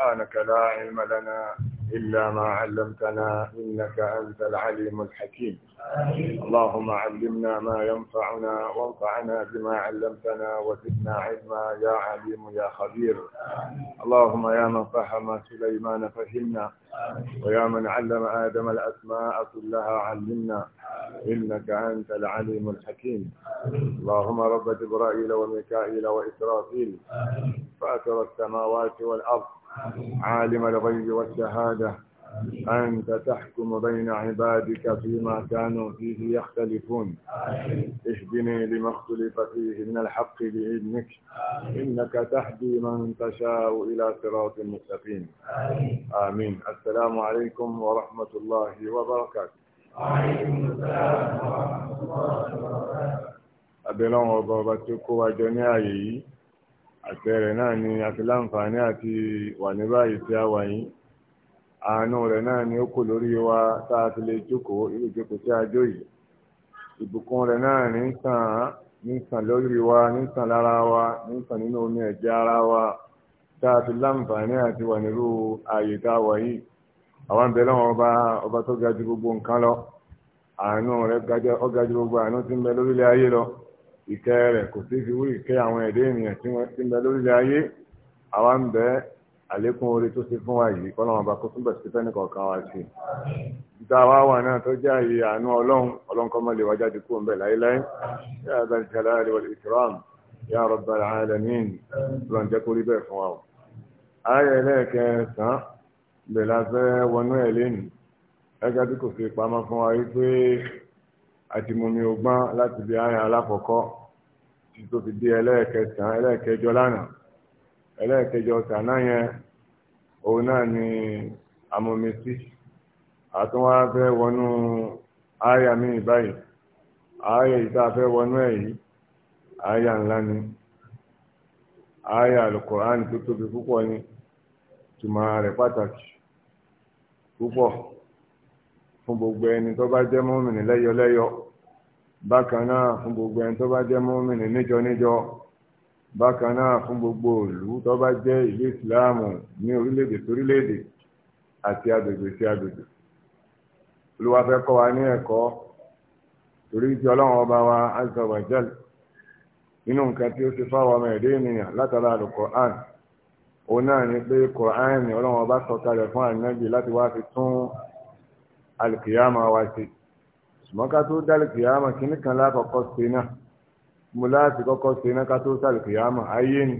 سبحانك لا علم لنا إلا ما علمتنا إنك أنت العليم الحكيم اللهم علمنا ما ينفعنا وانفعنا بما علمتنا وزدنا علما يا عليم يا خبير اللهم يا من فهم سليمان فهمنا ويا من علم آدم الأسماء كلها علمنا إنك أنت العليم الحكيم اللهم رب جبرائيل وميكائيل وإسرافيل فأتر السماوات والأرض عالم الغيب والشهادة أنت تحكم بين عبادك فيما كانوا فيه يختلفون اهدني لما اختلف فيه من الحق بإذنك إنك تهدي من تشاء إلى صراط مستقيم آمين السلام عليكم ورحمة الله وبركاته وعليكم السلام ورحمة الله وبركاته أبي الله وجميعي àtẹ̀rẹ̀ náà ni a fi láǹfààní àti wà ní báyìí tí a wà yìí àánú rẹ̀ náà ni ó kò lórí wa tá a fi lè jókòó irú ìjókòó tí a jó yìí ìbùkún rẹ̀ náà ní sàn ní sàn lórí wa ní sàn lára wa ní sàn nínú omi ẹ̀jẹ̀ ara wa tá a fi láǹfààní àti wà nírú ààyè tá a wà yìí àwọn ń bẹ lọ́wọ́ ọba ọba tó ga ju gbogbo nǹkan lọ àánú rẹ̀ ga ju gbogbo àánú tí ń bẹ lórílẹ̀ ayé lọ ìkẹ́ rẹ̀ kò sí fi wí ìkẹ́ àwọn ẹ̀dẹ́ ènìyàn tí wọ́n ti ń bẹ lórílẹ̀ ayé àwa ń bẹ àlékún orí tó ṣe fún wa yìí kọ́lọ́mọ bá kó tún bẹ̀ sí fẹ́ni kọ̀ọ̀kan wa sí i tá a wá wà náà tó jẹ́ àyè àánú ọlọ́run ọlọ́run kọ́ mọ́ lè wá jáde kúrò ń bẹ̀ láéláé yá abẹ́ ìṣẹ̀lẹ̀ àríwá ìṣòram yá rabbal alamin lọ́n jẹ́ kó bẹ́ẹ̀ fún wa o. ayé ẹlẹ́ẹ̀kẹsàn la fẹ́ wọnú ẹ̀ tó fi dé ẹlẹ́ẹ̀kẹsàn ẹlẹ́ẹ̀kẹjọ lánàá ẹlẹ́ẹ̀kẹjọ tàná yẹn òun náà ni amọ̀mẹ́sí àtúnwá fẹ́ wọnú àyà mi báyìí àyà ìta fẹ́ wọnú ẹ̀ yìí àyà ńlá ni àyà tó tóbi púpọ̀ ni tùmọ̀ rẹ̀ pàtàkì gbogbo ẹni tó bá jẹ́ mọ́mìnì bákan náà fún gbogbo ẹni tó bá jẹ́ mọ́mìnì níjọ níjọ bákan náà fún gbogbo ìlú tó bá jẹ́ ìlú ìsìláàmù ní orílẹ̀-èdè torílẹ̀-èdè àti agbègbè sí agbègbè olúwa fẹ́ kọ́ wa ní ẹ̀kọ́ torí ti ọlọ́run ọba wa azza wa nínú nǹkan tí ó ti fáwọn ọmọ ẹ̀dẹ́ ènìyàn látara Al-Qur'an òun náà ni pé Qur'an ọlọ́run ọba sọ kalẹ̀ fún ànábì láti wá fi tún alìkìyàmà wa sí i. ṣùgbọ́n ká tó dálùkì kan lákọ̀ọ́kọ́ ṣe náà kọ́kọ́ ṣe náà ká ayé ni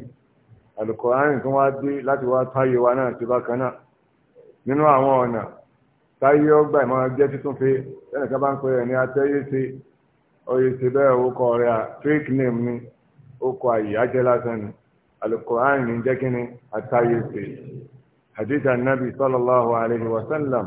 àlùkòránì tó wá dé láti wá táyé wa náà ti bákan náà nínú àwọn ọ̀nà táyé ọgbà ìmọ̀ràn jẹ́ títún fi ẹnì kan bá ń pè é ní atẹ́yé ṣe bẹ́ẹ̀ orúkọ rẹ̀ fake name ni orúkọ àyíyájẹ́ lásán ni ní jẹ́ hadith sallallahu alayhi wa sallam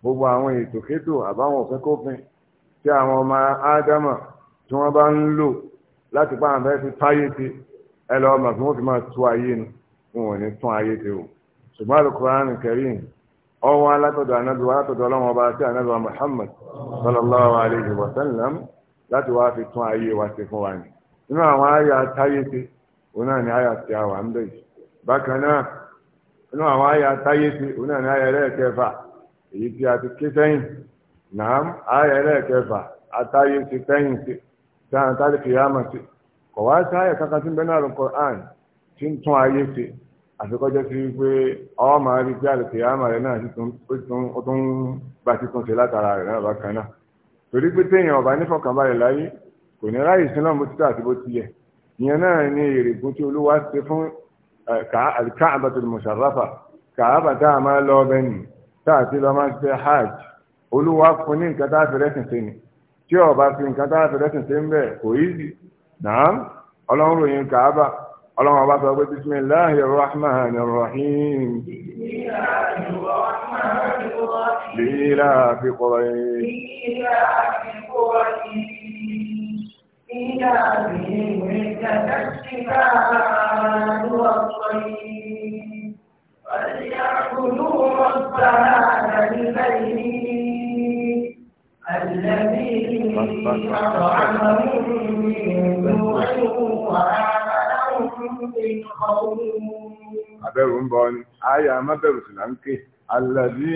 gbogbo àwọn ètòkétò àbáwọn òfẹ́kófin tí àwọn ọmọ ádámà tí wọ́n bá ń lò láti bá àwọn fẹ́ẹ́ fi táyé ti ẹ lọ ọmọ fún òfin máa tú ayé ni wọn ò ní tún ayé ti o ṣùgbọ́n Al-Qur'an Karim ọwọ́ alátọ̀dọ̀ anábìwá alátọ̀dọ̀ ọlọ́wọ́n ọba sí anábìwá Muhammad sallallahu alayhi wa sallam láti wá fi tún ayé wa ṣe fún wa ni nínú àwọn àyà táyé ti òun náà ni àyà ti àwọn àmì bákan náà nínú àwọn àyà táyé ti òun náà ni àyà ẹlẹ́ẹ̀kẹfà èyí tí a ti ké sẹ́yìn nàám ààyè ẹlẹ́ẹ̀kẹfà atáyé ti sẹ́yìn sí sáà táyé kìyàmà sí kọ̀ wá sáyẹ̀ kankan tí ń bẹ náà lóko àn tí ń tún ayé sí àfikọ́jọ́ sí wípé ọwọ́ máa rí pé àlùkìyàmà rẹ̀ náà ó tún bá títún ṣe látara rẹ̀ náà bákan náà torí pé téèyàn ọ̀bá nífọ̀kànbalẹ̀ láyé kò ní ráyè sínú ọmọ títà àti bó ti yẹ ìyẹn náà ní èrègùn tí olúwa ṣe fún Ka'batul Musharrafa Ka'aba tá a máa lọ ọbẹ̀ nìyí táàtì lọ máa ń ṣe hajj olúwa fún ní nǹkan tá a fi rẹ́sìn sí ni tí ọba fi nǹkan tá a fi rẹ́sìn sí ń bẹ̀ kò yí sí náà ọlọ́run ròyìn kàába ọlọ́run ọba sọ pé bisimilahi rahman rahim lila fi kọrọ yìí. إلى بهم التذكرة والطيب فليعبدوا رب هذا البيت الذي أطعمهم من جوع وآمنهم من خوف abẹ́rù ń bọ ni àyà amábẹ́rù sì là ń ké alàbí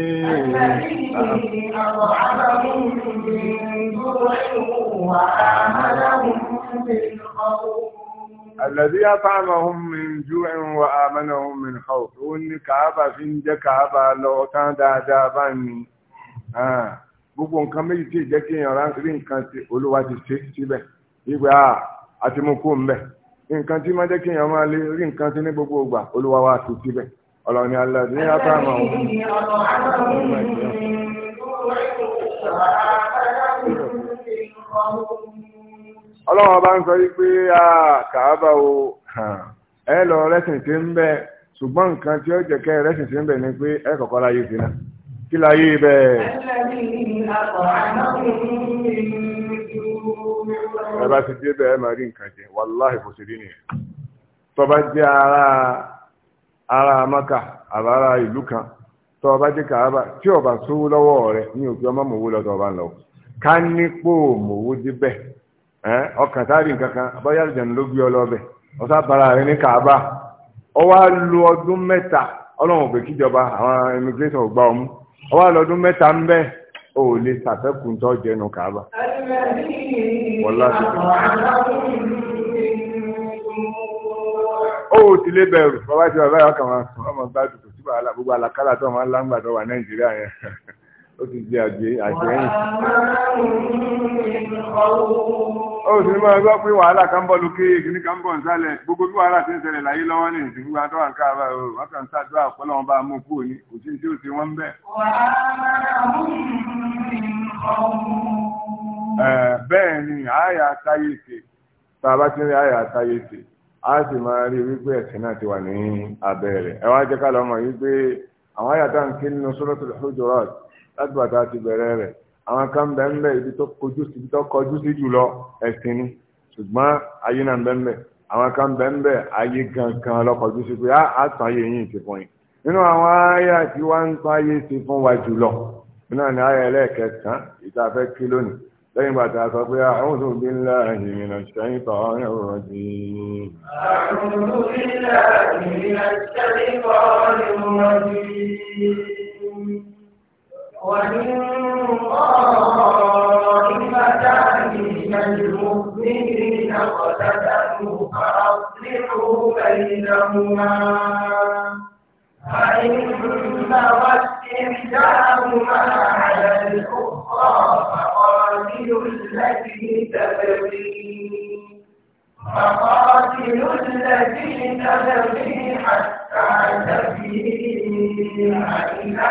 àwọn Àlàdí afáàmàhùn min jú'in wa àmànàhùn min khawf. Ó ní kàábà fi ń jẹ́ kàábà lọ tán dáadáa bá ní. Gbogbo nǹkan méjì tí ìjẹ́ kí èèyàn rántí nǹkan tí olúwa ti ṣe síbẹ̀. Ìgbà àti mú kó ń bẹ̀. Nǹkan tí máa jẹ́ kí èèyàn máa lé rí nǹkan tí ní gbogbo ìgbà olúwa wa ti síbẹ̀. Ọ̀rọ̀ ni àlàdí afáàmàhùn. Thank you. ọlọ́run ọba ń sọ wípé kàábà o ẹ lọ rẹ́sìn tí ń bẹ ṣùgbọ́n nǹkan tí ó kẹ́ tí ń bẹ ni pé ẹ kọ́kọ́ láyé sí kí bẹ́ẹ̀. ẹ bá ti dé bẹ́ẹ̀ máa rí nǹkan jẹ wàláhì kò sí rí tó kan tó bá kàábà tí ọba sówó lọ́wọ́ rẹ̀ ní òkè ọmọ mòwó ọba ń lọ ká ọkàn sáàrí nkankan bóyá ìjàn ló gbé ọlọ́bẹ̀ ọ̀sá bara rẹ ní Kaaba ọwọ́ lu ọdún mẹ́ta ọlọ́run òpè kíjọba àwọn immigration ọgbà ọmú ọwọ́ lu ọdún mẹ́ta ń bẹ́ ò lè sàfẹ́kùn tó jẹnu Kaaba. ó ti lé bẹ̀rù bàbá tí bàbá yà kàn gbogbo si ti di àjẹ àjẹyìn. ó sì máa gbọ́ pé wàhálà kan bọ́ lókè kìíní kan bọ̀ nsálẹ̀ gbogbo bí wàhálà ti ń ṣẹlẹ̀ láyé lọ́wọ́ ní ìsìnkú wa ń káàbà o wọ́n kàn ń ṣàdúrà ọ̀pọ̀lọ́ wọn bá mú kú òní kò sí tí ó ti wọ́n bẹ́ẹ̀. bẹ́ẹ̀ ni àyà táyé tá a bá ti rí àyà táyé a sì máa rí wípé ẹ̀sìn náà ti wà ní ẹ wá jẹ́ ká lọ́mọ àwọn à láti bàtà ti bẹ̀rẹ̀ rẹ̀ àwọn kan bẹ̀ ń bẹ̀ ibi tó kojú ibi tó kọjú sí jùlọ ẹ̀sìn ni ṣùgbọ́n ayé náà ń bẹ̀ ń bẹ̀ àwọn kan bẹ̀ ń bẹ̀ ayé gangan lọ́kọjú sí pé á ah, tàn ayé yín ti fún yín nínú àwọn ayé tí wọ́n ń tán ayé ti fún wa jùlọ nínú àwọn ayé ẹlẹ́ẹ̀kẹsàn ìtafẹ́ kí lónìí lẹ́yìn bàtà sọ pé a'udhu billahi minash shaitanir rajim. a'udhu billahi minash shaitanir rajim. وإن طائفتان من المؤمنين اقتتلوا فأصلحوا بينهما فإن بغت إحداهما على الأخرى فقاتلوا التي تبغي فقاتلوا التي تبغي حتى تفيء إلى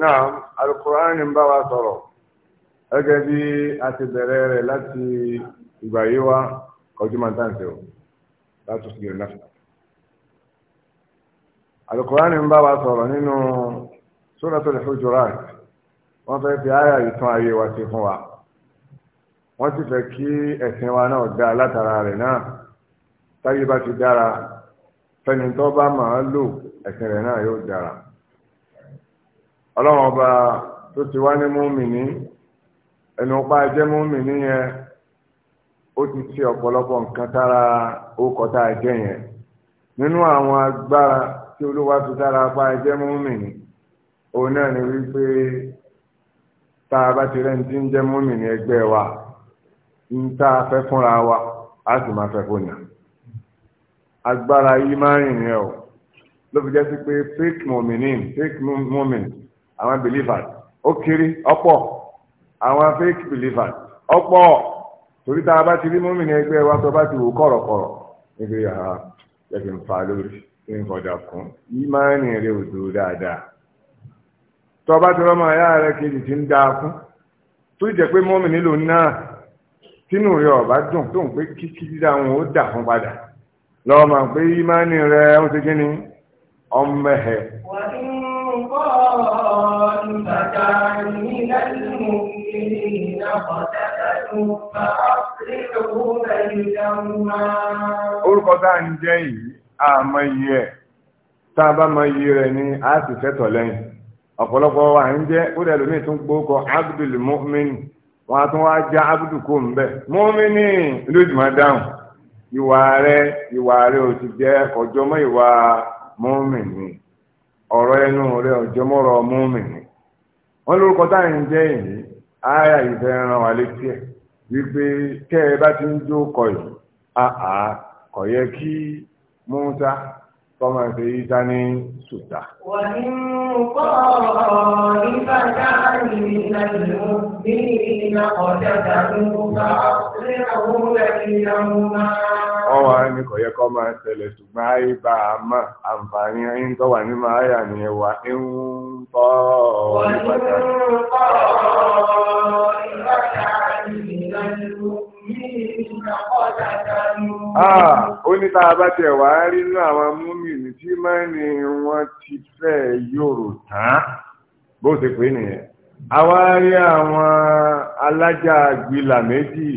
náà alukóraní ń bá wa sọ̀rọ̀ gẹ́gẹ́ bí a ti bẹ̀rẹ̀ rẹ̀ láti ìgbà yìí wá kọjú máa ń tàǹtẹ̀ o láti fi yọ̀ náà. alukóraní ń bá wa sọ̀rọ̀ nínú Suratul Hujurat wọ́n fẹ́ fi àyà ìtàn ayé wa ti fún wa wọ́n sì fẹ́ kí ẹ̀sìn wa náà dá látara rẹ̀ náà táyé bá ti dára fẹ́ni tó bá máa lò ẹ̀sìn rẹ̀ náà yóò dára ọlọ́run ọba tó ti wá ní múmìnì ẹnu pa jẹ́ múmìnì yẹn ó ti ṣe ọ̀pọ̀lọpọ̀ nǹkan tára ókọ̀ tá a yẹn nínú àwọn agbára tí olúwa fi tára pa jẹ́ múmìnì òun náà ni wípé tá a bá ti rẹ́ni tí ń jẹ́ múmìnì ẹgbẹ́ wa ń tá a fẹ́ fúnra wa a sì máa fẹ́ fún agbára yìí máa ń rìnrìn ọ̀ ló fi jẹ́ sí fake mominin fake awọn àwọn believers ó kiri ọ̀pọ̀ àwọn fake believers ọ̀pọ̀ torí tá a bá ti rí momin ẹgbẹ́ wa tó bá ti wò kọ̀rọ̀kọ̀rọ̀ níbi àhà ẹ̀fìn fa lórí kí n fọdà kún yìí máa ń rìnrìn òdò dáadáa tó bá ti rọ́mọ ayá rẹ kejì ti ń dáa fún tó jẹ́ pé náà lọ́wọ́ máa pé ìmánì rẹ̀ ó ti kí ni ọmọẹ̀hẹ̀. orúkọ tá ń jẹ́ yìí àmọ́ ẹ̀ tá a bá mọ iye rẹ̀ ni a sì fẹ́tọ̀ lẹ́yìn ọ̀pọ̀lọpọ̀ wa ń jẹ́ ó dẹ̀ lómi tún gbókọ̀ abdul mu'min wọn a tún wá já abdul kò ń bẹ̀ lójúmọ́ dáhùn. ìwà rẹ ìwà rẹ ò ti mọ́mìnì ọ̀rọ̀ ẹnu rẹ ọ̀jọ́mọ́rọ̀ mọ́mìnì wọn lórúkọ táyà ń jẹ́ èyí ìfẹ́ ran wà létí wípé kẹ́ ẹ bá ti ń jó kọ yìí àà yẹ kí múta ta ní sùtà. ìlànà ìlú bí ìlànà ń Ọwọ́ ẹni kò yẹ kọ́ máa tẹ̀lẹ̀ ṣùgbọ́n ayé bá a mọ̀ àǹfààní ẹ̀yìn tó wà ní máa yà ní ẹwà ń bọ́ ọ̀rọ̀ ah, pàtàkì. Ó ní tá bá tẹ̀ wá rí nínú àwọn múmi ní tí máa ní wọ́n ti fẹ́ yòrò tán bó ṣe pé nìyẹn. Àwa rí àwọn alájà gbìlà méjì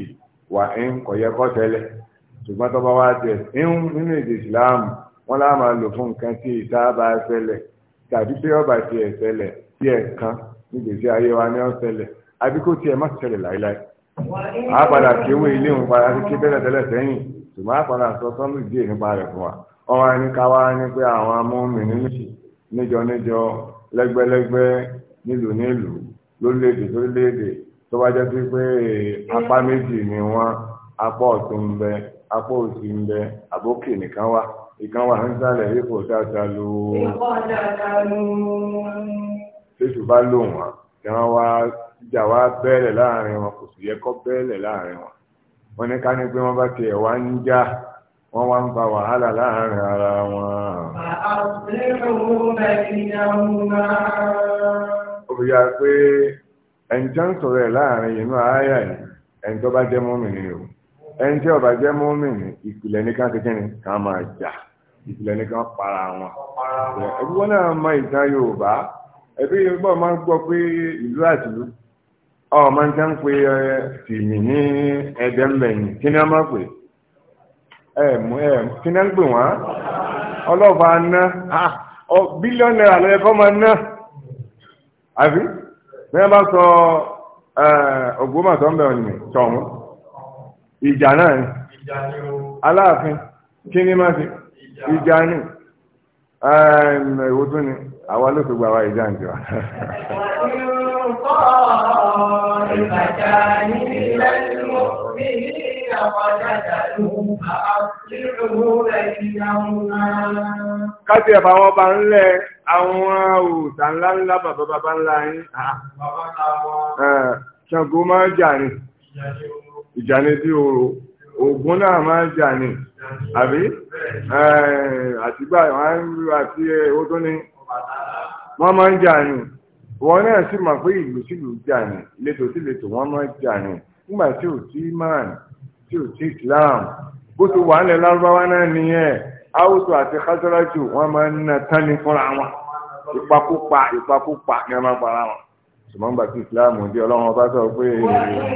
wà ń kò yẹ kó tẹ́lẹ̀ ṣùgbọ́n tó bá wá tẹ̀ ń nínú èdè ìsìláàmù wọn láà máa lò fún nǹkan tí ìtaàbà ṣẹlẹ̀ tàbí pé ọba tiẹ̀ ṣẹlẹ̀ tí ẹ̀ kan nígbèsí ayé wa ní ọ̀ṣẹlẹ̀ àbí kó tiẹ̀ má ṣẹlẹ̀ láéláé a padà kéwé ilé òun padà sí ké bẹ́lẹ̀ tẹ́lẹ̀ sẹ́yìn ṣùgbọ́n a padà sọ sọ́nù díẹ̀ nípa rẹ̀ fún wa ọwọ́ ẹni ká wá ní pé àwọn amóhùnmí níjọ níjọ lẹ́gbẹ́lẹ́gbẹ́ nílùú nílùú lórílẹ̀-èdè tó bá jẹ́ sí pé apá méjì ni wọ́n apá ọ̀tún ń bẹ apá òsì ń bẹ àbókè nìkan wà ìkan wà ń sálẹ̀ ipò dáadáa ló tètù bá lò wọ́n tí wọ́n wá jà wá bẹ́ẹ̀lẹ̀ láàrin wọn kò sì yẹ kó bẹ́ẹ̀lẹ̀ láàrin wọn wọ́n ní ká ní pé wọ́n bá tiẹ̀ wá ń já wọ́n wá ń fa wàhálà láàrin ara wọn. ó fi yára pé ẹni tí wọ́n sọ̀rọ̀ ẹ̀ láàrin inú ààyè yìí ẹni tó bá jẹ́ mọ́mìnì o ẹni tí ó bá jẹ́ mọ́mìnì ìpìlẹ̀ nìkan ti kíni kan máa jà ìpìlẹ̀ nìkan para wọn. ẹbí wọn náà mọ ìtàn Yorùbá ẹbí Yorùbá máa ń gbọ́ pé ìlú àtìlú ọ máa ń tẹ́ ń pe tìmì ní ẹ̀dẹ̀ mbẹ̀yìn kí ni wọ́n máa pè ẹ mú ẹ kí ni wọ́n pè wọ́n ọlọ́ọ̀bá ná bílíọ̀nù náírà lọ́yẹ bí wọ́n bá sọ Ògbómọ̀ṣọ́ ń bẹ̀ ọ́ nìyẹn tọ̀hún ìjà náà ni aláàfin kí ni má fi ìjà ni ìwò tún ni àwa ló fi gba àwa ìjà ń jọ. Kájí ẹ̀fà wọn bá ń lẹ́ àwọn òòtà ńlá ńlá bàbá bàbá ńlá yín ṣàngó máa jà ní ìjà ní bí oòrò ògùn náà máa jà ní àbí àtìgbà àti ẹ̀họ́ tó ní wọ́n máa ń jà ní wọ́n náà sì mọ̀ pé ìlú sílù jà ní ìletò síletò wọ́n máa jà ní nígbà tí ò sí imán tí ò sí Islam bó ti wà ń lẹ lárúbáwá náà nìyẹn áwùsù àti kásáràjù wọ́n máa ń na tání fúnra wọn ìpakúpa ìpakúpa ni wọ́n máa ń para wọn ṣùgbọ́n nígbà tí ìsìláàmù di ọlọ́run ọba sọ pé. Wọ́n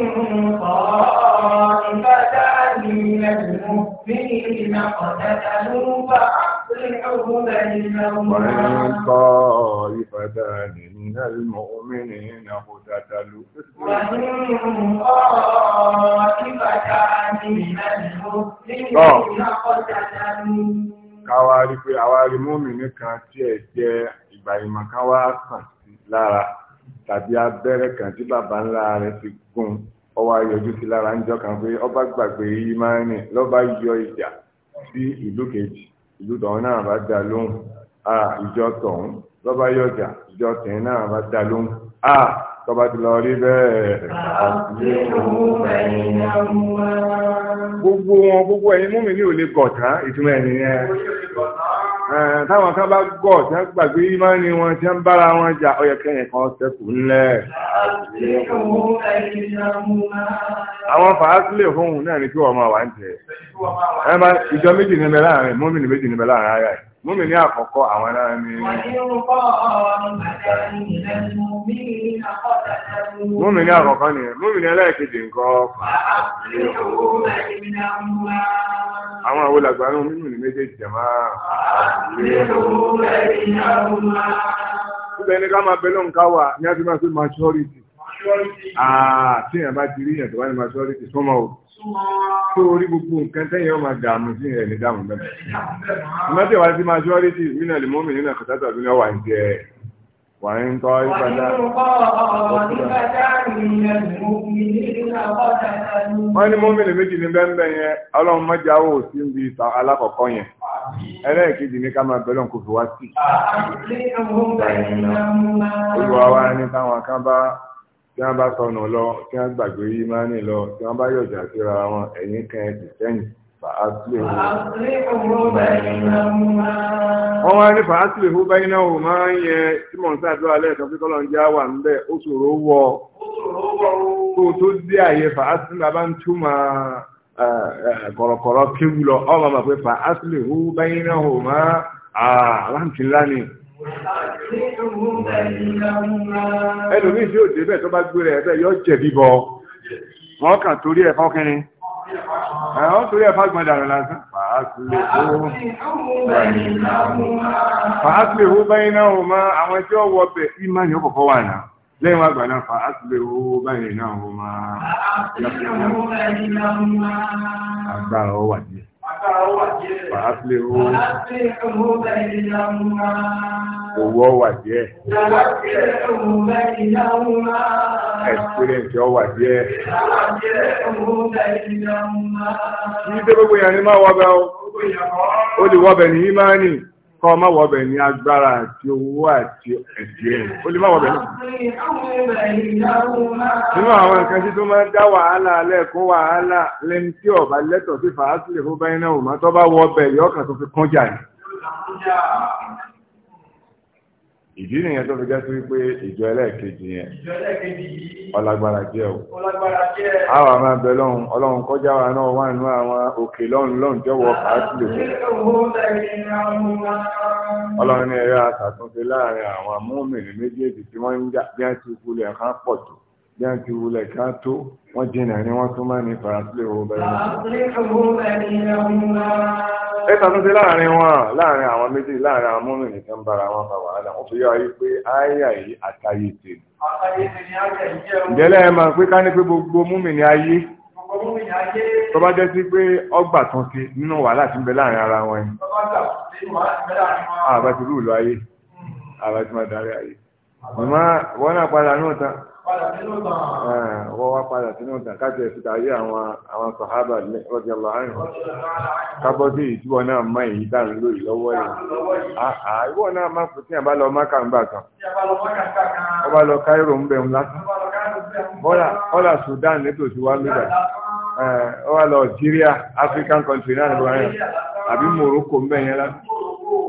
ń kọ́ ìfàdánì. من المؤمنين مقتتلوا ومنهم طائفتان من المسلمين مقتتلوا káwárí pé àwárí mọ́mìnì kan tí ẹ̀ jẹ́ ìgbà ìmọ̀ kan wá kàn sí lára tàbí abẹ́rẹ́ kan tí bàbá ńlá rẹ̀ ti gún ọwọ́ ayọ̀jú sí lára ń jọ kan pé ọba gbàgbé yìí máa ń rìn lọ́ba yọ ìjà sí ìlú kejì ìlú tọ̀hún náà bá dá lóhùn ah, ìjọ tọ̀hún tọ́ba yọjà ìjọ tẹ̀yìn náà bá dá lóhùn á tọ́ba ti lọ rí bẹ́ẹ̀. gbogbo wọn gbogbo ẹ̀yin mú mi ní òlé gọ̀tán ìtumọ̀ ẹ̀ nìyẹn táwọn kan bá gọ̀ tí wọ́n gbàgbé ìmánì wọn tí wọ́n bára wọn jà ọyẹ kẹyìn kan sẹ́kù ńlẹ̀. àwọn fàásílẹ̀ fóun náà ni kí wọ́n máa wà ń tẹ̀. ìjọ méjì níbẹ̀ láàrin mọ́mìnì méjì níbẹ̀ láàrin ara ẹ̀ múmi ní àkọ́kọ́ àwọn ará ni múmi ní àkọ́kọ́ ni múmi ní ẹlẹ́ẹ̀kejì nǹkan àwọn àwọn olàgbàánú mímú ní méjèèjì jẹ̀má Ibẹ̀ ní ká máa bẹ̀lọ́ nǹkan wà ní a ti máa fi maturity. Àà ah, tí èèyàn bá ti rí èèyàn tó bá ní maturity sọ́mọ́ òkú tó orí gbogbo nǹkan tẹ́yìn ọmọ dààmú sí ẹ̀ ní dààmú mẹ́ta. Mọ́tẹ̀ wá sí majority nínú ẹ̀lẹ́mọ́mì nínú ẹ̀kọ́ tàbí ọdún ọwà ń jẹ wà ń tọ́ ìpadà. Wọ́n ní mọ́mìnì méjì ní bẹ́ẹ̀ yẹn, ọlọ́run mọ́jà wò sí ibi alákọ̀ọ́kọ́ yẹn. Ẹlẹ́ẹ̀kejì ní ká máa bẹ̀rẹ̀ kò fi wá sí. Olùwà wa ní táwọn kan bá tí wọ́n bá sọnù lọ tí wọ́n gbàgbé ìmánì lọ tí wọ́n bá yọ̀jà síra wọn ẹ̀yìn kan ẹ̀sìn sẹ́yìn fàásìlè wọ́n wá ní fàásìlè hó báyìí náà ò máa ń yẹ tí mò ń ṣàdúrà lẹ́ẹ̀kan pé kọ́lọ́ ń já wà ń ó ṣòro wọ kó tó dé àyè fàásìlè bá ń túmọ̀ kọ̀rọ̀kọ̀rọ̀ kéwù lọ ọ́ máa ma pé fàásìlè hó báyìí náà ò máa aláǹtí ńlá ni ẹlòmíì tí yóò débẹ̀ tó bá gbére ẹ̀ bẹ́ẹ̀ yóò jẹ̀bi bọ̀ wọ́n kàn torí ẹ̀ fọ́kínrin ẹ̀họ́n torí ẹ̀ fágbọ́n dàrú lásán fàásìlẹ̀ hó báyìí náà wọ́n máa àwọn tí ó wọ bẹ̀ ìmá ni ó kọ̀kọ́ wà náà lẹ́yìn wá gbà náà fàásìlẹ̀ hó báyìí náà wọ́n máa agbára ọwà ní فأصلحوا بينهما owó ọwà díẹ̀ experience ọwà díẹ̀ kí ní tẹ́ gbogbo ìyàní máa wọ́bẹ̀ o ó lè wọ́bẹ̀ ní ìmáà kọ́ ọmọ wọ̀bẹ̀ ní agbára àti owó àti ẹ̀dí ẹ̀ ó lè má wọ̀bẹ̀ náà. nínú àwọn nǹkan tí tó máa ń dá wàhálà lẹ́ẹ̀kún wàhálà lẹ́ni tí ọ̀bá lẹ́tọ̀ sí fàásìlè fún báyìí náà ò má tó bá wọ̀bẹ̀ yọ̀ọ̀kan tó fi kún jà ìdí nìyẹn tó fi jẹ́ sí wípé ìjọ ẹlẹ́ẹ̀kejì yẹn ọlágbára jẹ́ o àwọn àmà bẹ lọ́hùn ọlọ́hun kọjá wa náà wà nínú àwọn òkè lọ́hùn lọ́hùn jọ́wọ́ pàtìlò ọlọ́run ní ẹ̀rọ àtàtúnṣe láàrin àwọn amúhùnmìnì méjèèjì tí wọ́n ń jà bí wọ́n ti wulẹ̀ kan pọ̀ tó bí wọ́n ti wulẹ̀ kan tó wọ́n jìnà ní wọ́n tún máa ní fàásílẹ̀ owó bẹ̀rẹ̀ náà. ẹ̀ta tó ti láàrin wọn láàrin àwọn méjì láàrin àwọn mọ́mìn nìkan ń bára wọn fa wàhálà wọ́n fi yọ ayé pé áyà yìí àtàyè tè. ìjẹ́lẹ̀ ẹ̀ máa pé ká ní pé gbogbo mọ́mìn ní ayé tó bá jẹ́ sí pé ọgbà tán ti nínú wàhálà ti ń bẹ láàrin ara wọn yìí. àbá ti rú ìlú ayé àbá ti máa darí ayé. wọ́n náà padà náà tán. Ah, wọ́n wá padà sínú ìtàn káàkiri ayé àwọn àwọn sàhábà lọ́jọ́ láàrin kábọ́sí ìtúwọ̀ náà má èyí dáhùn lórí lọ́wọ́ yìí àìwọ̀ náà má kò tí a bá lọ ń ó bá lọ káírò ń bẹ̀rún lásán bọ́là Sudan nítòsí wá lọ Algeria eh, African country náà àbí Morocco ń bẹ̀ yẹn lásán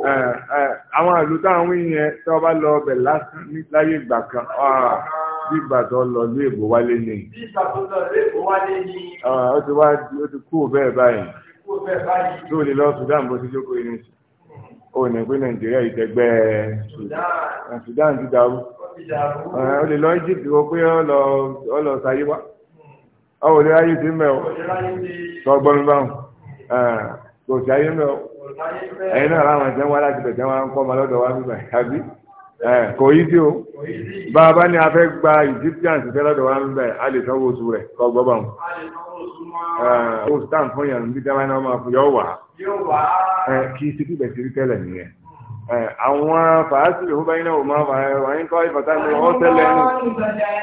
eh, eh, àwọn àlùtà àwọn tí wọ́n bá lọ lásán bígbà tó lọ lé èbò wálé ni. bígbà tó lọ lé èbò wálé ni. Ah, ó ti wá ó ti kú bẹ́ẹ̀ báyìí. kú bẹ́ẹ̀ báyìí. tó lè lọ Sudan bó ti jókòó yìí nìyí. ó ní pé Nàìjíríà yìí tẹgbẹ́ Sudan. Sudan ti dàrú. ó ah, lè lọ Egypt wọ pé ó lọ sáyé wá. Hmm. ó lè ráyé sí mẹ́ o. sọ gbọ́n mi báwọn. Ah, kò sí ayé mẹ́ o. ẹ̀yin náà láwọn ẹ̀jẹ̀ wá láti bẹ̀jẹ̀ wá ń kọ́ ọmọ lọ́dọ̀ wá bíbẹ̀ àbí. e tí ó o bá a ní a fẹ́ gba Egyptians fẹ́ lọ́dọ̀ ń a lè sanwó oṣù rẹ̀ kọ́ gbọ́ wọn. oṣù fún yàrá níbi dábàá náà máa wà. kì í ṣe kíbẹ̀ tẹ́lẹ̀ nìyẹn. àwọn fàásì lè fún báyìí náà wò máa fà wà ń kọ́ ìfàtà ní tẹ́lẹ̀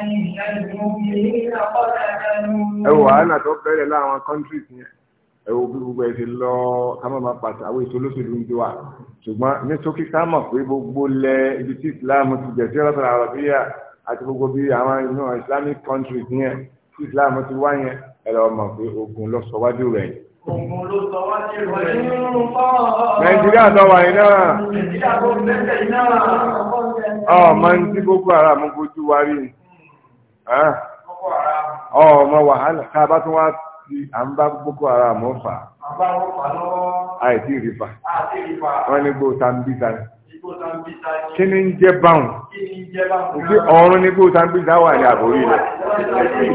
ní. ẹ tó bẹ̀rẹ̀ láwọn countries ẹwọ bí gbogbo ẹ ti lọ ká má máa pàṣẹ àwọn ètò olóṣèlú ń jọ wà ṣùgbọ́n ní sókí ká mọ̀ pé gbogbo lẹ ibi tí islam ti jẹ sí ọlọpàá àrọbíyà àti gbogbo bí àwọn inú islamic countries yẹn tí islam ti wá yẹn ẹ lọ mọ̀ pé ogun lọ sọ wájú rẹ̀ yìí. Nàìjíríà tó wà iná. Ọmọ ń tí Boko Haram ń bójú wa rí. Ọmọ wàhálà ká bá tún wá à ń bá Boko Haram fà àìsí ìrìfà wọ́n ní gbó tambisa kí ni ń jẹ́ báwọn ìdí ọ̀run ní gbó tambisa wà ní àbórí rẹ̀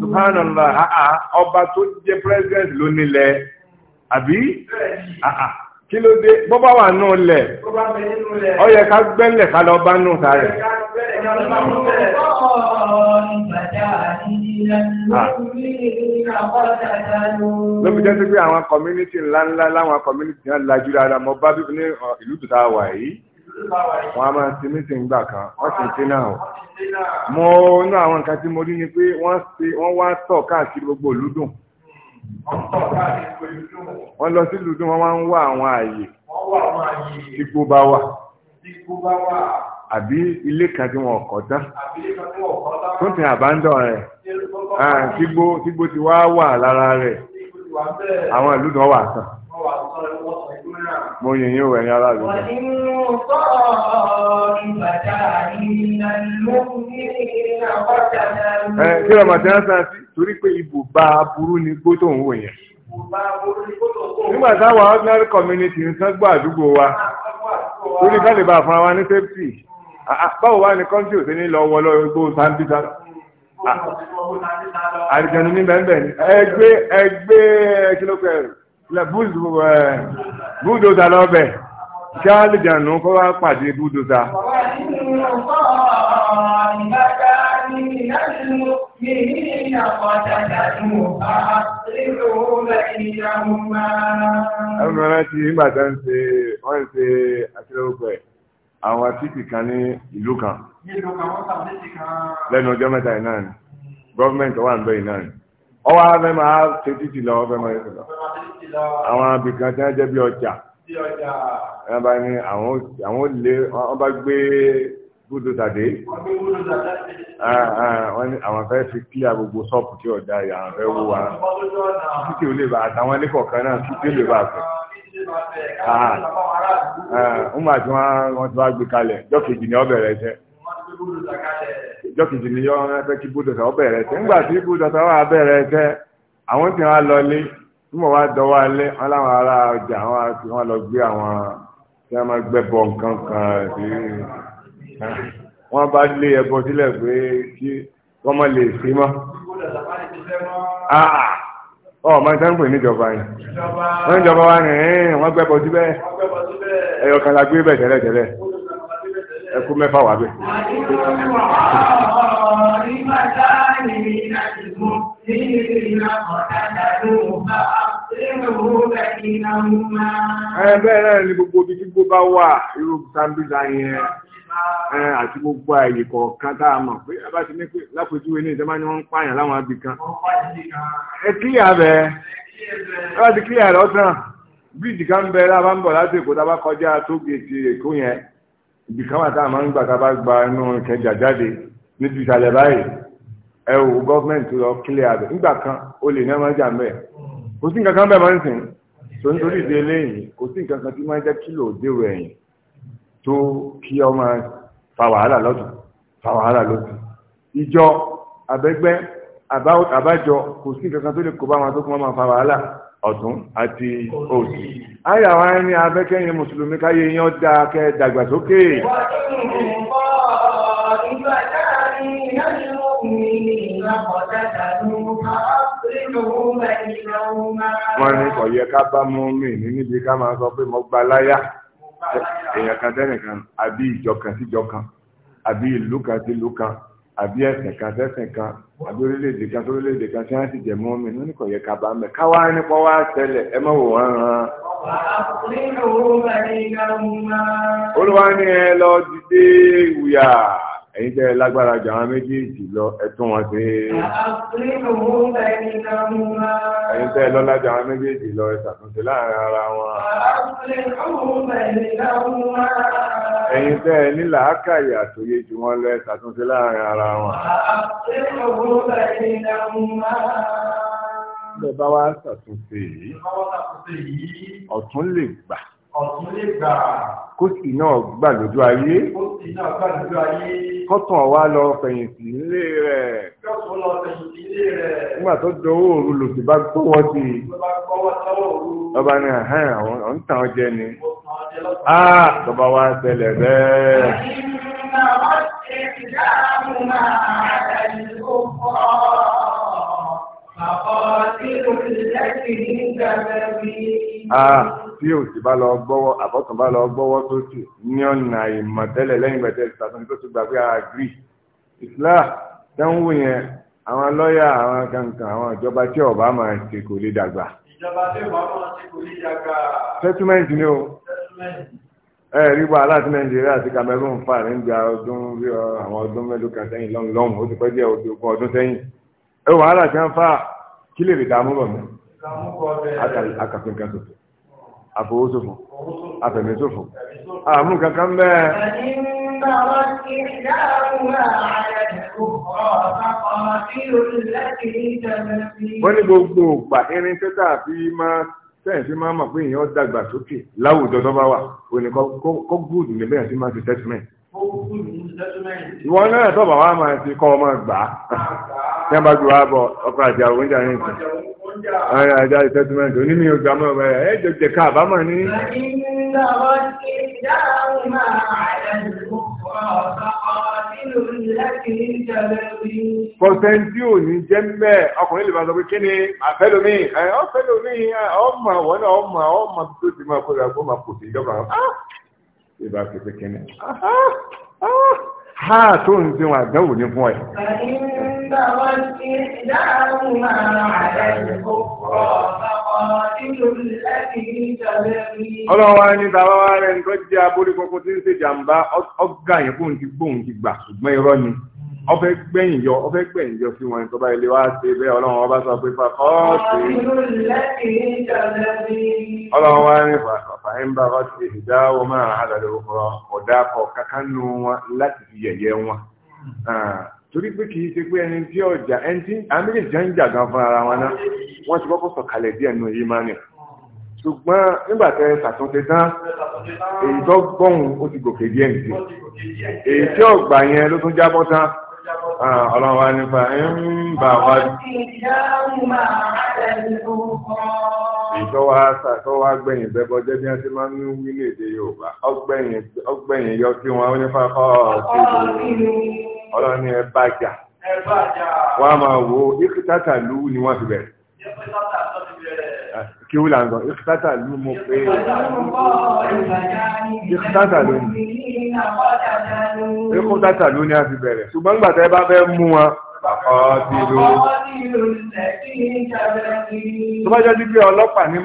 Subhanallah, ọba tó jẹ́ president lónílẹ̀, àbí? kí ló dé bó bá wà nù lẹ̀ ó yẹ ká gbẹ́lẹ̀ ká lọ bá nù ta rẹ̀. jẹ́ sí pé àwọn community ńláńlá láwọn community náà lajú dáadáa mo bá bí ní ìlú tó ta wà yìí wọ́n a máa ti mítìn gbà kan wọ́n sì ti náà mo inú àwọn nǹkan tí mo rí ni pé wọ́n wá tọ̀ káàkiri gbogbo ìlú dùn wọ́n lọ sílùú tí wọ́n máa ń wá àwọn ààyè tí kó bá wà àbí ilé kan tí wọ́n kọ́ tán tó ti àbándọ̀ rẹ̀ ah, tígbó ti wá wà lára rẹ̀ àwọn ìlú náà wà tán mo yìn yín wẹ̀yìn ara rẹ̀. wọ́n ní mo sọ̀rọ̀ ìbàdàn ìlànà lókùnrin ẹ kí lọ́mọ tí wọ́n san sí torí pé ibùba aburú ni gbó tó ń wò yẹn. nígbà táwọn ordinary community ń sán gbọ́ àdúgbò wa torí ká lè bá a fúnra wa ní safety báwo wá ní kọ́ńtì òsè ní lọ́wọ́ lọ́wọ́ igbó sáńbítà àrìjẹ̀nu ní bẹ́ẹ̀ ni ẹgbẹ́ ẹgbẹ́ kílópẹ̀ búdòdà lọ́bẹ̀ kí àrìjẹ̀nu kọ́ wá pàdé búdòdà. المؤمنين قتتهم فأصلحوا بينهما. أما أنت ما تنسى وأنت أكلوك àwọn títì kan ní ìlú kan lẹ́nu ọjọ́ mẹ́ta yìí náà ni gọ́ọ̀mẹ̀ntì wà ń bẹ yìí náà ni ọwọ́ afẹ́ máa ṣe títì lọ ọfẹ́ máa ṣe lọ àwọn abìkan tí wọ́n jẹ́ bí ọjà wọ́n bá ní àwọn ó lé wọ́n bá gbé gúdù tàdé ah, ah, wọ́n ní àwọn fẹ́ fi kí agbogbo sọ́ọ̀pù tí ọ̀dá yà àwọn fẹ́ wó wa títí ò lè bá àtàwọn ilé kọ̀ọ̀kan náà títí ò lè bá fẹ́ ah, wọ́n máa tí wọ́n ti wá gbé kalẹ̀ jọ́kejì ni ọbẹ̀ rẹ̀ jẹ́ jọ́kejì ni yọ́ fẹ́ kí búdòtà ọbẹ̀ rẹ̀ jẹ́ nígbà tí búdòtà wà bẹ̀rẹ̀ jẹ́ àwọn tí wọ́n lọ lé níwọ̀n wá dọwọ́ alẹ́ wọn láwọn ará ọjà wọn lọ gbé àwọn tí wọ́n máa gbẹ́bọ̀ nǹkan kan sí wọ́n bá lé ẹbọ sílẹ̀ pé kí wọ́n má lè sí mọ́. ọ máa ń tán pè níjọba yìí wọ́n níjọba wa ni wọ́n gbẹ́bọ síbẹ̀ ẹyọ kan la gbé bẹ̀ tẹ́lẹ̀ tẹ́lẹ̀ ẹkú mẹ́fà wà bẹ̀. Ẹ bẹ́ẹ̀ náà ni gbogbo ibi tí gbogbo bá wà irú Sambisa yẹn àti gbogbo àyè kọ̀ọ̀kan tá a mọ̀ pé bá ti ní pé lápòjúwe ní ìjọba ni wọ́n ń pààyàn láwọn abì kan. ẹ kíyà bẹ ẹ bá ti kíyà rẹ ọ̀sán bíríìjì kan bẹ lábá ń bọ̀ láti tá a bá kọjá tó gèèjì èkó yẹn ibì kan wà tá a máa ń gbà tá a bá gba inú ìkẹjà jáde níbi ìsàlẹ̀ báyìí ẹ wò gọ́ọ̀mẹ̀ntì lọ kílẹ̀ abẹ nígbà kan ó lè ní ọmọ ìjà ń bẹ̀ kò sí nǹkan kan bẹ́ẹ̀ máa ń sìn tó kí ọmọ fa wàhálà lọ́tún fa wàhálà lọ́tún ìjọ abẹ́gbẹ́ àbájọ kò sí kankan tó lè kó bá wọn tó kún ọmọ fa wàhálà ọ̀tún àti òsì ayà wa ní abẹ́kẹ́yìn mùsùlùmí káyé yán dá kẹ́ dàgbàsókè wọ́n ní kọ̀yẹ ká bá mú mi níbi ká máa sọ pé mo gba láyà èèyàn kan tẹ́nìkan àbí ìjọ sí ìjọ àbí ìlú kan sí ìlú kan àbí ẹ̀sìn kan sẹ́sìn kan àbí orílẹ̀-èdè kan sí orílẹ̀-èdè kan tí wọ́n sì jẹ̀ mọ́ mi ní kò yẹ ká bá mẹ́ ká nípa wá tẹ́lẹ̀ ẹ mọ̀ wò wọ́n rán. olúwa ni ẹ lọ dìde ìwúyà ẹ̀yin tẹ́ lágbára jù àwọn méjèèjì lọ ẹ̀tún wọn sí. ẹ̀yin tẹ́ lọ́lá jù àwọn méjèèjì lọ ẹ̀ṣàtúnṣe láàrin ara wọn. ẹ̀yin tẹ́ ní làákàyè àtòyè jù wọn lọ ẹ̀ṣàtúnṣe láàrin ara wọn. ọ̀tún lè gbà ọ̀tún lè gbà. kóòtù náà gbà lójú ayé. kóòtù náà gbà lójú ayé. kọ́tàn wa lọ fẹ̀yìntì nílé rẹ̀. kọ́tàn lọ fẹ̀yìntì nílé rẹ̀. nígbà tó dọwọ́ òru bá gbọ́wọ́ sí i. ló bá àhán àwọn ń tàn ni. mo tàn án jẹ bẹ́ẹ̀. Ah tí òsì bá lọ gbọ́wọ́ àbọ̀tún bá lọ gbọ́wọ́ sósì ní ọ̀nà ìmọ̀tẹ́lẹ̀ lẹ́yìn gbẹ̀tẹ́ ìsàtúnṣe tó ti gbà pé àgírí islam dánwò yẹn àwọn lọ́yà àwọn kankan àwọn ìjọba tí ọba máa ṣe kò lè dàgbà. ìjọba tí ọba máa ṣe kò lè dàgbà. sẹ́túmẹ̀ntì ni o ẹ rí wàhálà tí nàìjíríà àti Cameroon fà nígbà ọdún bí àwọn ọdún mélòó kan sẹ́yìn lọ́nlọ́hùn ó ti pẹ́ díẹ̀ ogún ọdún sẹ́yìn ẹ wàhálà àfọwọ́sòfò àfẹ̀mẹ́sòfò àmú kankan mẹ́ẹ̀. wọ́n ní gbogbo ògbà irin tẹ́tà fi máa sẹ́yìn fi máa mọ̀ pé èèyàn dàgbà sókè láwùjọ tó bá wà òní kọ́ gúùdù níbẹ̀ sí máa ti tẹ́tìmẹ̀tì ìwọ náà sọ̀bà wa máa ti kọ́ ọmọ gbà á ní abájú wa bọ̀ ọkọ̀ àti àwọn oúnjẹ àyìn kan àwọn àjọ àti sẹ́tímẹ́ǹtì onímì ọgbà mọ́ ọ̀bẹ ẹ̀ jọ jẹ ká àbámọ̀ ní. Kọ̀sẹ̀ntì ò ní jẹ́ mbẹ́ ọkùnrin lè bá sọ pé kí ni àfẹ́lómi ọ̀fẹ́lómi ọmọ wọn náà ọmọ ọmọ tó ti máa kó tí ìbá fi pé ha tó ń sin wọn àdánwò ní fún ẹ. ìgbà wọn ti dáhùn máa àdáyé kó pọ̀ ọlọ́wọ́ ní bàbá wa rẹ̀ ń tọ́jú aborí kọ́kọ́ tí ń ṣe jàǹbá ọgá yẹn kóun ti gbóun ti gbà ṣùgbọ́n irọ́ ni. ọfẹ́ gbẹ̀yìn yọ ọfẹ́ wọn ìtọ́ba ilé wa ṣe bẹ́ẹ̀ ọlọ́run ọba sọ pé fàkọ́ọ̀tì ọlọ́run wa ní fàfàìmbà bá ti ìdá wọn máa ọ̀dà wọn láti fi yẹ̀yẹ́ wọn torí pé kìí ṣe pé ẹni tí ọjà ẹni tí ń ara wọn náà wọn ti kọ́kọ́ sọ̀kalẹ̀ díẹ̀ nù yìí máa nì ṣùgbọ́n nígbà Ah, ọlọ́wà nípa ń bà wá ìtọ́wà sàtọ́wà gbẹ̀yìn bẹ́bọ́ jẹ́ bí wọ́n ti máa ń ní wílé èdè Yorùbá ọgbẹ̀yìn yọ kí wọ́n nípa ọlọ́ni ẹ bá jà wọ́n máa wo ìkítàtà lú ni wọ́n ti bẹ̀rẹ̀ kí ó lànà ìkítàtà ló mọ̀ pé ìkítàtà ló ní ìkítàtà ló ní a fi bẹ̀rẹ̀ ṣùgbọ́n gbàtà ẹ bá fẹ́ mú wọn ọ̀tìlú tó bá jẹ́ sí pé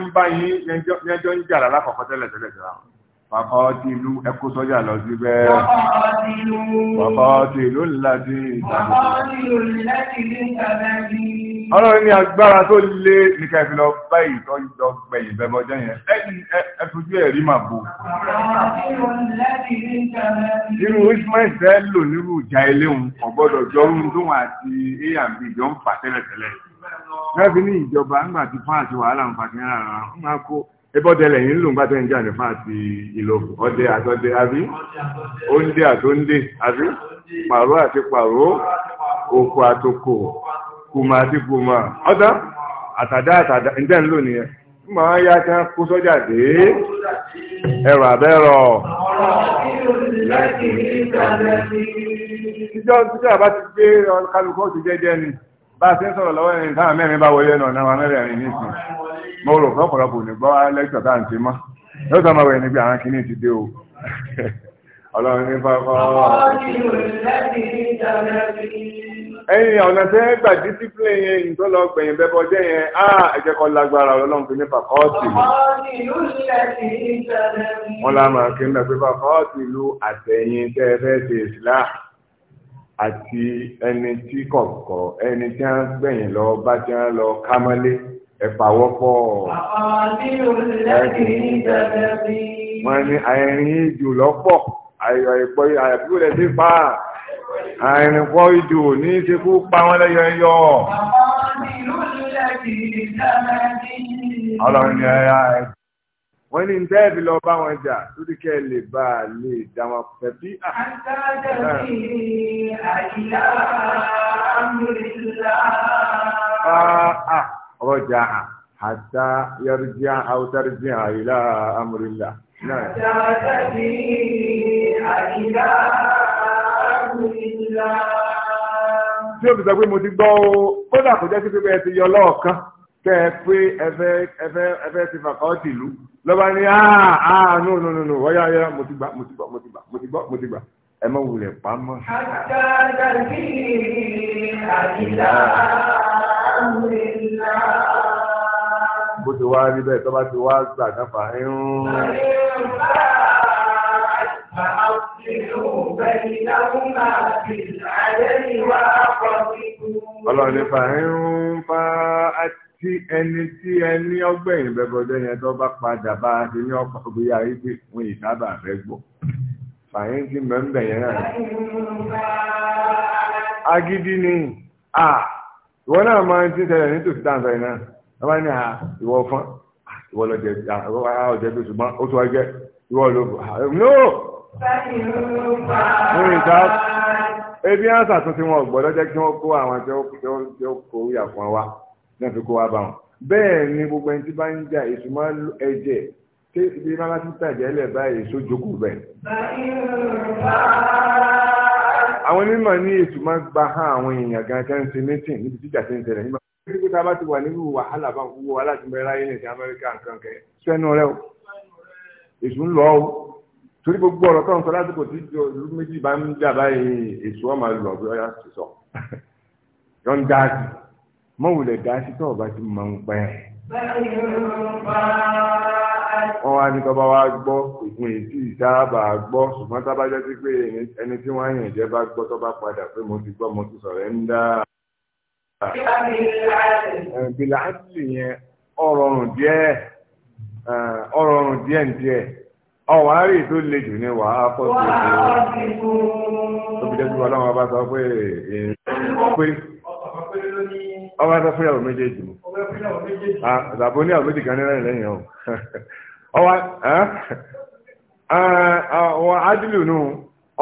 ń bá yín yẹjọ́ ń Fàkọ́tìlú ẹkú sọ́jà lọ sí bẹ́ẹ̀. Fàkọ́tìlú ńláti ìtàbí. Ọlọ́run ní agbára tó lé nìkan ìfìlọ báyìí tó jọ gbẹ̀yìn bẹ̀bọ̀ jẹ́ yẹn. Ẹtùjú ẹ̀rí máa bò. Irú Ismail fẹ́ lò nírú ìjà eléhun ọ̀gbọ́dọ̀ jọrún tó wà àti A&B jọ ń fà tẹ́lẹ̀tẹ́lẹ̀. Gẹ́gẹ́ bí ní ìjọba ńgbà ti fún àti wàhálà ń fà kí ẹbọ tẹlẹ yìí ń lò ń gbàtẹ́ ń jà ní fún àti ìlòkù ọdẹ àtọdẹ àbí oúnjẹ àtọndẹ àbí pàrọ̀ àti pàrọ̀ òkú àtòkò kùmà àti kùmà ọ̀dọ́ àtàdá àtàdá ǹjẹ́ ń lò nìyẹn nígbà wọn yá kí wọn kó sọ́jà dé ẹrọ abẹ́rọ. ìjọ ìjọba ti gbé kálukọ́ ti jẹ́jẹ́ ni bá a ṣe ń sọ̀rọ̀ lọ́wọ́ ẹni táwọn mẹ́rin bá wọlé náà náà mẹ́rin ní ìsìn mo rò fọ́pọ̀lọpọ̀ ní gbọ́ lẹ́kítọ̀ tá ń ṣe mọ́ yóò sọ ma wẹ̀ níbi àwọn kìíní ti dé o ọlọ́run ní fàkọ́ọ̀tì. wọ́n àtẹ̀yìn tẹ́ fẹ́ ṣe àti ẹni tí kọ̀kọ̀ ẹni tí wọ́n gbẹ̀yìn lọ bá tí wọ́n lọ kámọ́lé ẹ̀pà wọ́pọ̀. wọ́n ní àìrìn ìjù lọ́pọ̀ àyọ̀ ìpọ̀ àyàbíwò lẹ́ sí pa àìrìn pọ̀ ìjù ní ìṣekú pa wọ́n lẹ́yọ ẹyọ. ọlọ́run ni ẹ̀yà ẹ̀ wọ́n ní ní tẹ́ẹ̀bì lọ bá wọn jà lórí kẹ́ lè bá a lè dá wọn pẹ̀ bí. ọjà àtà yọrìjì àwùtárìjì àìlà amúrìlà. Àtà tàbí àìlà amúrìlà. Tí o fi sọ pé mo ti gbọ́ o, kódà kò jẹ́ sí pé ẹ ti yọ lọ́ọ̀kan tẹ ẹ pé ẹfẹ ẹfẹ ẹfẹ ti fàkọ́ tìlú lọ́ba ní áà áà nù nù nù nù wọ́yà yẹ mo ti gbà mo ti gbà mo ti gbà mo ti gbà mo ti gbà ẹ má wulẹ̀ pamọ́. àjà dàbí àdìlá àmìlá. bó ti wá rí tó bá ti wá gbà káfà irun. Ọlọ́run nípa ń pa á tí ẹni tí ẹni ọgbẹ̀yìn bẹ́gọdẹ́ yẹn tó bá padà bá a ti ní ọ̀pọ̀ òbíyá yìí pé wọn ìsábà fẹ́ gbọ́ fàyín tí mẹ́ńbẹ̀ yẹn náà. agídí ni à ìwọ náà máa ń ti ṣẹlẹ̀ ní tòsí yìí náà wọ́n bá ní à ìwọ fún ìwọ lọ jẹ tó ṣùgbọ́n ó tún wá jẹ ìwọ ló bù no. fún ìta ebi ansa tuntun wọn gbọ́dọ̀ jẹ kí wọn kó àwọn tí ó kó yà fún wa náà fi kó wa bá wọn bẹ́ẹ̀ ni gbogbo ẹni tí bá ń jà èso máa ń lo ẹ̀jẹ̀ tí ibi máa ti tàjẹ́ lẹ̀ báyìí èso jókòó bẹ̀. àwọn onímọ̀ ní èso máa gba hàn àwọn èèyàn gan kan ṣe mẹ́tìn níbi tíjà ti ń tẹ̀lé nígbà tí kí tá a bá ti wà nínú wàhálà bá ń kú wàhálà ti bẹ̀rẹ̀ ayé nìkan amẹ́ríkà nǹkan kẹ́ sẹ́nu rẹ o èso ń lọ o torí gbogbo ọ̀rọ̀ tó ń sọ lásìkò tí ìlú méjì bá ń jà báyìí èso ọ̀ máa lọ bí ọ mọ́wùlẹ̀ dá sí tọ́ ọba ti mọ̀ ń pẹ́ wọ́n wá ní tọ́ba wá gbọ́ ògùn ètí ìdáàbà gbọ́ ṣùgbọ́n tábà jẹ́ sí pé ẹni tí wọ́n yàn jẹ́ bá gbọ́ tọ́ba padà pé mo ti gbọ́ mo ti sọ̀rọ̀ ẹ̀ ń dá. bìláàtì yẹn ọ̀rọ̀rùn díẹ̀ ọ̀rọ̀rùn díẹ̀ díẹ̀ ọ̀wárì tó le jù ní wàá pọ̀ sí i. ó fi jẹ́ sí wàá lọ́wọ́ bá sọ pé ọba ẹgbẹ́ fúyàwó méjèèjì mu ah, àbò ní àwọn méjì kan nínú ẹ̀lẹ́yìn o ọwọ́ adìlú nù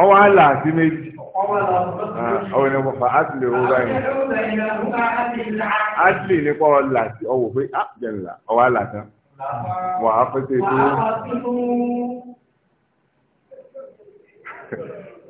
ọwọ́ àlà méjì ọwọ́ ní ah, ọmọfà adìlú báyìí adìlú ní kọ́ ọ̀là sí ọwọ́ pé àjẹ̀lá ah, ọwọ́ àlà tán wà á fẹ́ tẹ̀ tó.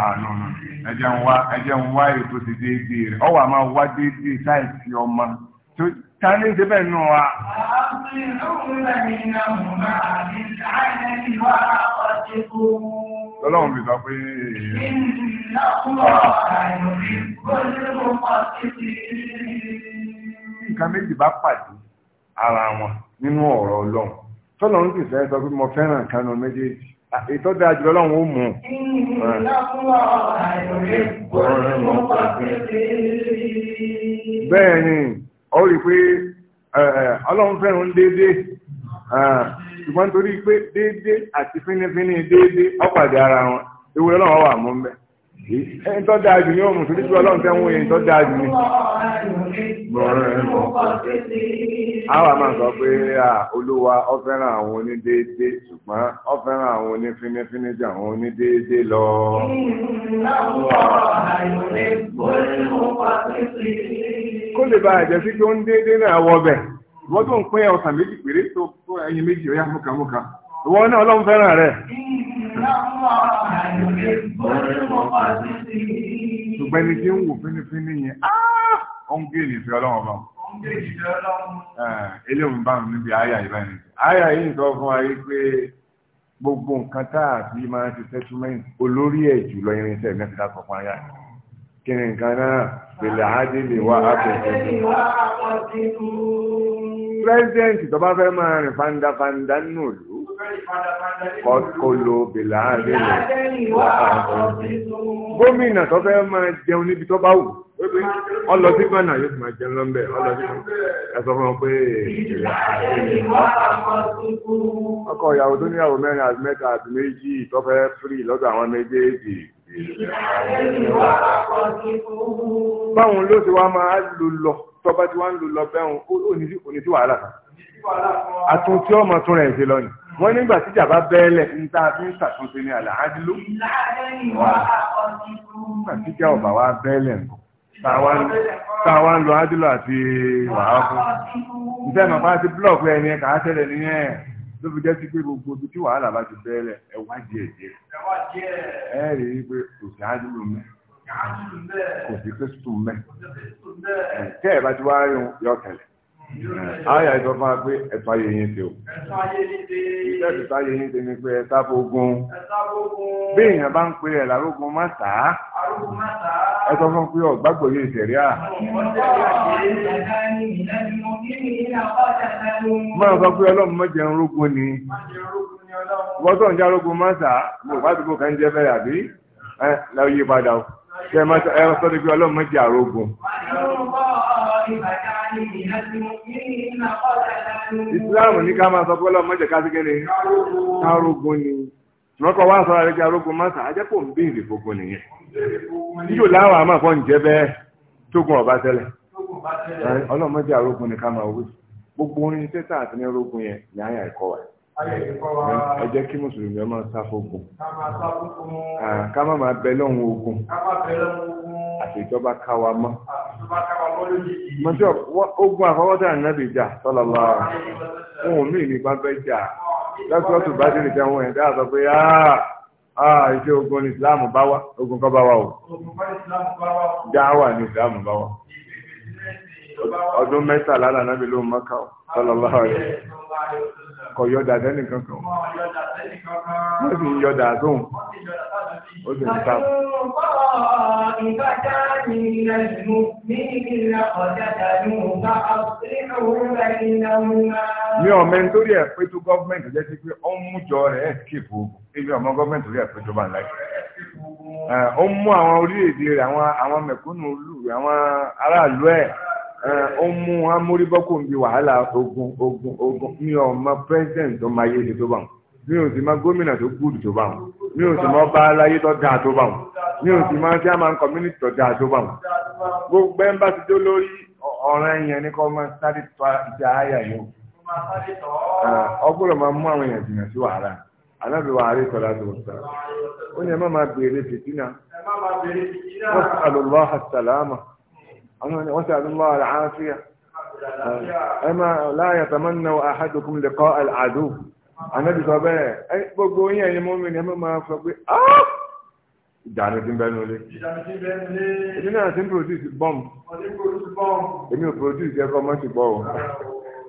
àánú nù ẹjẹ ń wá ẹjẹ ń wá ètò ti déédéé rẹ ọwọ àmà wá déédéé sáìsì ọmọ tó tani ṣe bẹ́ẹ̀ nù wa. Ọlọ́run sọ pé. Ah, nǹkan méjì bá pàdé ara wọn nínú ọ̀rọ̀ Ọlọ́run. Tọ́lọ́run sì fẹ́ sọ pé mo fẹ́ràn méjèèjì. ìtọ́ da jùlọ lọ́wọ́ ó mú bẹ́ẹ̀ ni ọ rí pé ọlọ́run fẹ́ràn déédé ṣùgbọ́n torí pé dédé àti fínífíní déédé ọ̀pàdé ara wọn ìwé ọlọ́run wà mú bẹ́ẹ̀. ẹni tó dáa jù ní òun mùsùlùmí ọlọ́run tẹ́ ń wòye tó dáa jù ní. àwa máa sọ pé olúwa ó àwọn onídéédé ṣùgbọ́n ó àwọn onífínífíní jù àwọn onídéédé lọ. kó lè bá àjẹsí pé ó ń déédé náà wọ bẹ̀ wọ́n tó ń pín ọ̀sán méjì péré tó ẹyin méjì ọ̀yá ìwọ náà ọlọ́run fẹ́ràn rẹ̀ ṣùgbọ́n ẹni tí ń wò fínífíní yẹn ah! ó ń gèrè ìfẹ́ ọlọ́run ọba eléwòn bá mi níbi àyà ìbáni àyà yìí sọ fún wa yìí pé gbogbo nǹkan tá a fi máa ti sẹ́túmẹ́ǹtì olórí ẹ̀ jùlọ irinṣẹ́ mẹ́ta sọ fún àyà kí ni nǹkan náà pèlè àádìlè wá àpẹẹrẹ. pírẹ́sidẹ́ǹtì tó bá fẹ́ máa rìn fandafanda nínú ìlú kọ́kọ́lò bèlàáàrẹ̀ gómìnà tó fẹ́ máa jẹun níbi tó bá wù ọlọ sí gbọ́nà yóò máa jẹun lọ́mbẹ̀ ọlọ sí ẹ̀sọ́ fún ọ pé ọkọ ìyàwó tó níyàwó mẹ́rin àti mẹ́ta àti méjì tó fẹ́ fírì lọ́dọ̀ àwọn méjèèjì báwọn ló ti wá máa lò lọ tọ́ba tí wá ń lò lọ bẹ́ẹ̀ òní sí wàhálà kan àtúntí ọmọ tún rẹ̀ ṣe lọ́nà wọ́n nígbà tí jàbá bẹ́ẹ̀lẹ̀ ń tá a fi ń ṣàtúnṣe ní àlàájúlú nígbà tí jà ọ̀bà wa bẹ́ẹ̀lẹ̀ ń táwa ń lọ ájúlọ àti wàá fún ìṣe ìmọ̀ bá ti búlọ̀kù ẹni ẹ̀ kàá tẹ́lẹ̀ ní ẹ̀ ló fi jẹ́ sí pé gbogbo ibi tí wàhálà bá ti bẹ́ẹ̀lẹ̀ ẹ̀ wá díẹ̀ díẹ̀ ẹ̀ rí i pé kò sí ájúlù mẹ́ kò sí kristu mẹ́ tẹ́ ẹ̀ bá ti wá rí yọ Ayà ìtọ́fà pé ẹ̀fà yẹyẹ tí ó. Ìṣẹ́ ìtọ́fà yẹyẹ tí ni pé ẹ̀ta ogun. Bí èèyàn bá ń pè ẹ̀ lárógun má tàá. Ẹ̀tọ́ fún pé ọ̀gbàgbọ́ yóò tẹ̀rí à. Máa sọ pé ọlọ́run mọ́ jẹun rógun ni. Wọ́n tó ń já rógun má tàá. Bùbá tí kò kàn jẹ́ fẹ́ àbí? Ẹ lọ yí padà. Ṣé ẹ sọ́dọ̀ pé ọlọ́run mọ́ jẹ àrógun? ìsìláàmù ní ká máa sọ pé ọlọ́run mọ́jẹ̀ kásíkẹ́ ni kárógun ni lọ́kọ̀ wá sọ́ra rẹ̀ kí arógun máa sàájẹ́ kò ń bí ìrè gbogbo nìyẹn yíyò láwọn àmọ́ àfọ́ ǹjẹ́ bẹ́ẹ̀ tógun ọba tẹ́lẹ̀ ọlọ́run ni ká máa wí gbogbo orin tẹ́tà àti ní yẹn ní àyà ẹ̀kọ́ wa ẹ jẹ́ kí mùsùlùmí ọmọ ká máa àti ìjọba káwa mọ́. mọ́tí ogun àfọwọ́dá ànábì jà sọ́lọ́lá ohun míì ní bá bẹ́ jà lọ́sọ̀tù bá dé nìkan wọn ẹ̀dá sọ pé áà iṣẹ́ ogun ní ìsìláàmù bá wà ogun kọ́ bá wà o. dáwà ní ìsìláàmù bá wà. ọdún mẹ́tàlá lànàbí ló mọ́ká ọ̀ sallallahu kọ kọ̀ dẹ́nì kankan wọ́n sì ó sì ń ta. mi ò mẹ́ni ẹ̀ pé tó jẹ́ sí pé ó ń mújọ rẹ̀ ẹ̀ ibi ọmọ bá ń láì ó mú àwọn orílẹ̀-èdè rẹ̀ àwọn mẹ̀kúnnù olú àwọn aráàlú ẹ̀ Eh, ó mú amóríbọ́kù ń wahala ogun ogun ogun mi ò mọ president tó máa yé tó bá wọn mi ò sì gómìnà tó tó bá wọn mi ò sì mọ bá aláyé tó dáa tó bá wọn mi ò sì mọ ma a máa ń community tó dáa tó bá wọn gbogbo ẹ̀ ń lórí ọ̀ràn yẹn ní kọ́ máa sáré tó ìjà ayà ọgbọ́dọ̀ وسأل الله العافية أما لا يتمنى أحدكم لقاء العدو النبي صلى الله عليه وسلم gbogbo yín ẹ̀yin mọ́mìnì ẹ máa sọ pé ìdààmú ti ń bẹ́nu lé èmi náà ti ń produce bomb èmi ò produce ẹ̀kọ́ mọ́ ti gbọ́ o.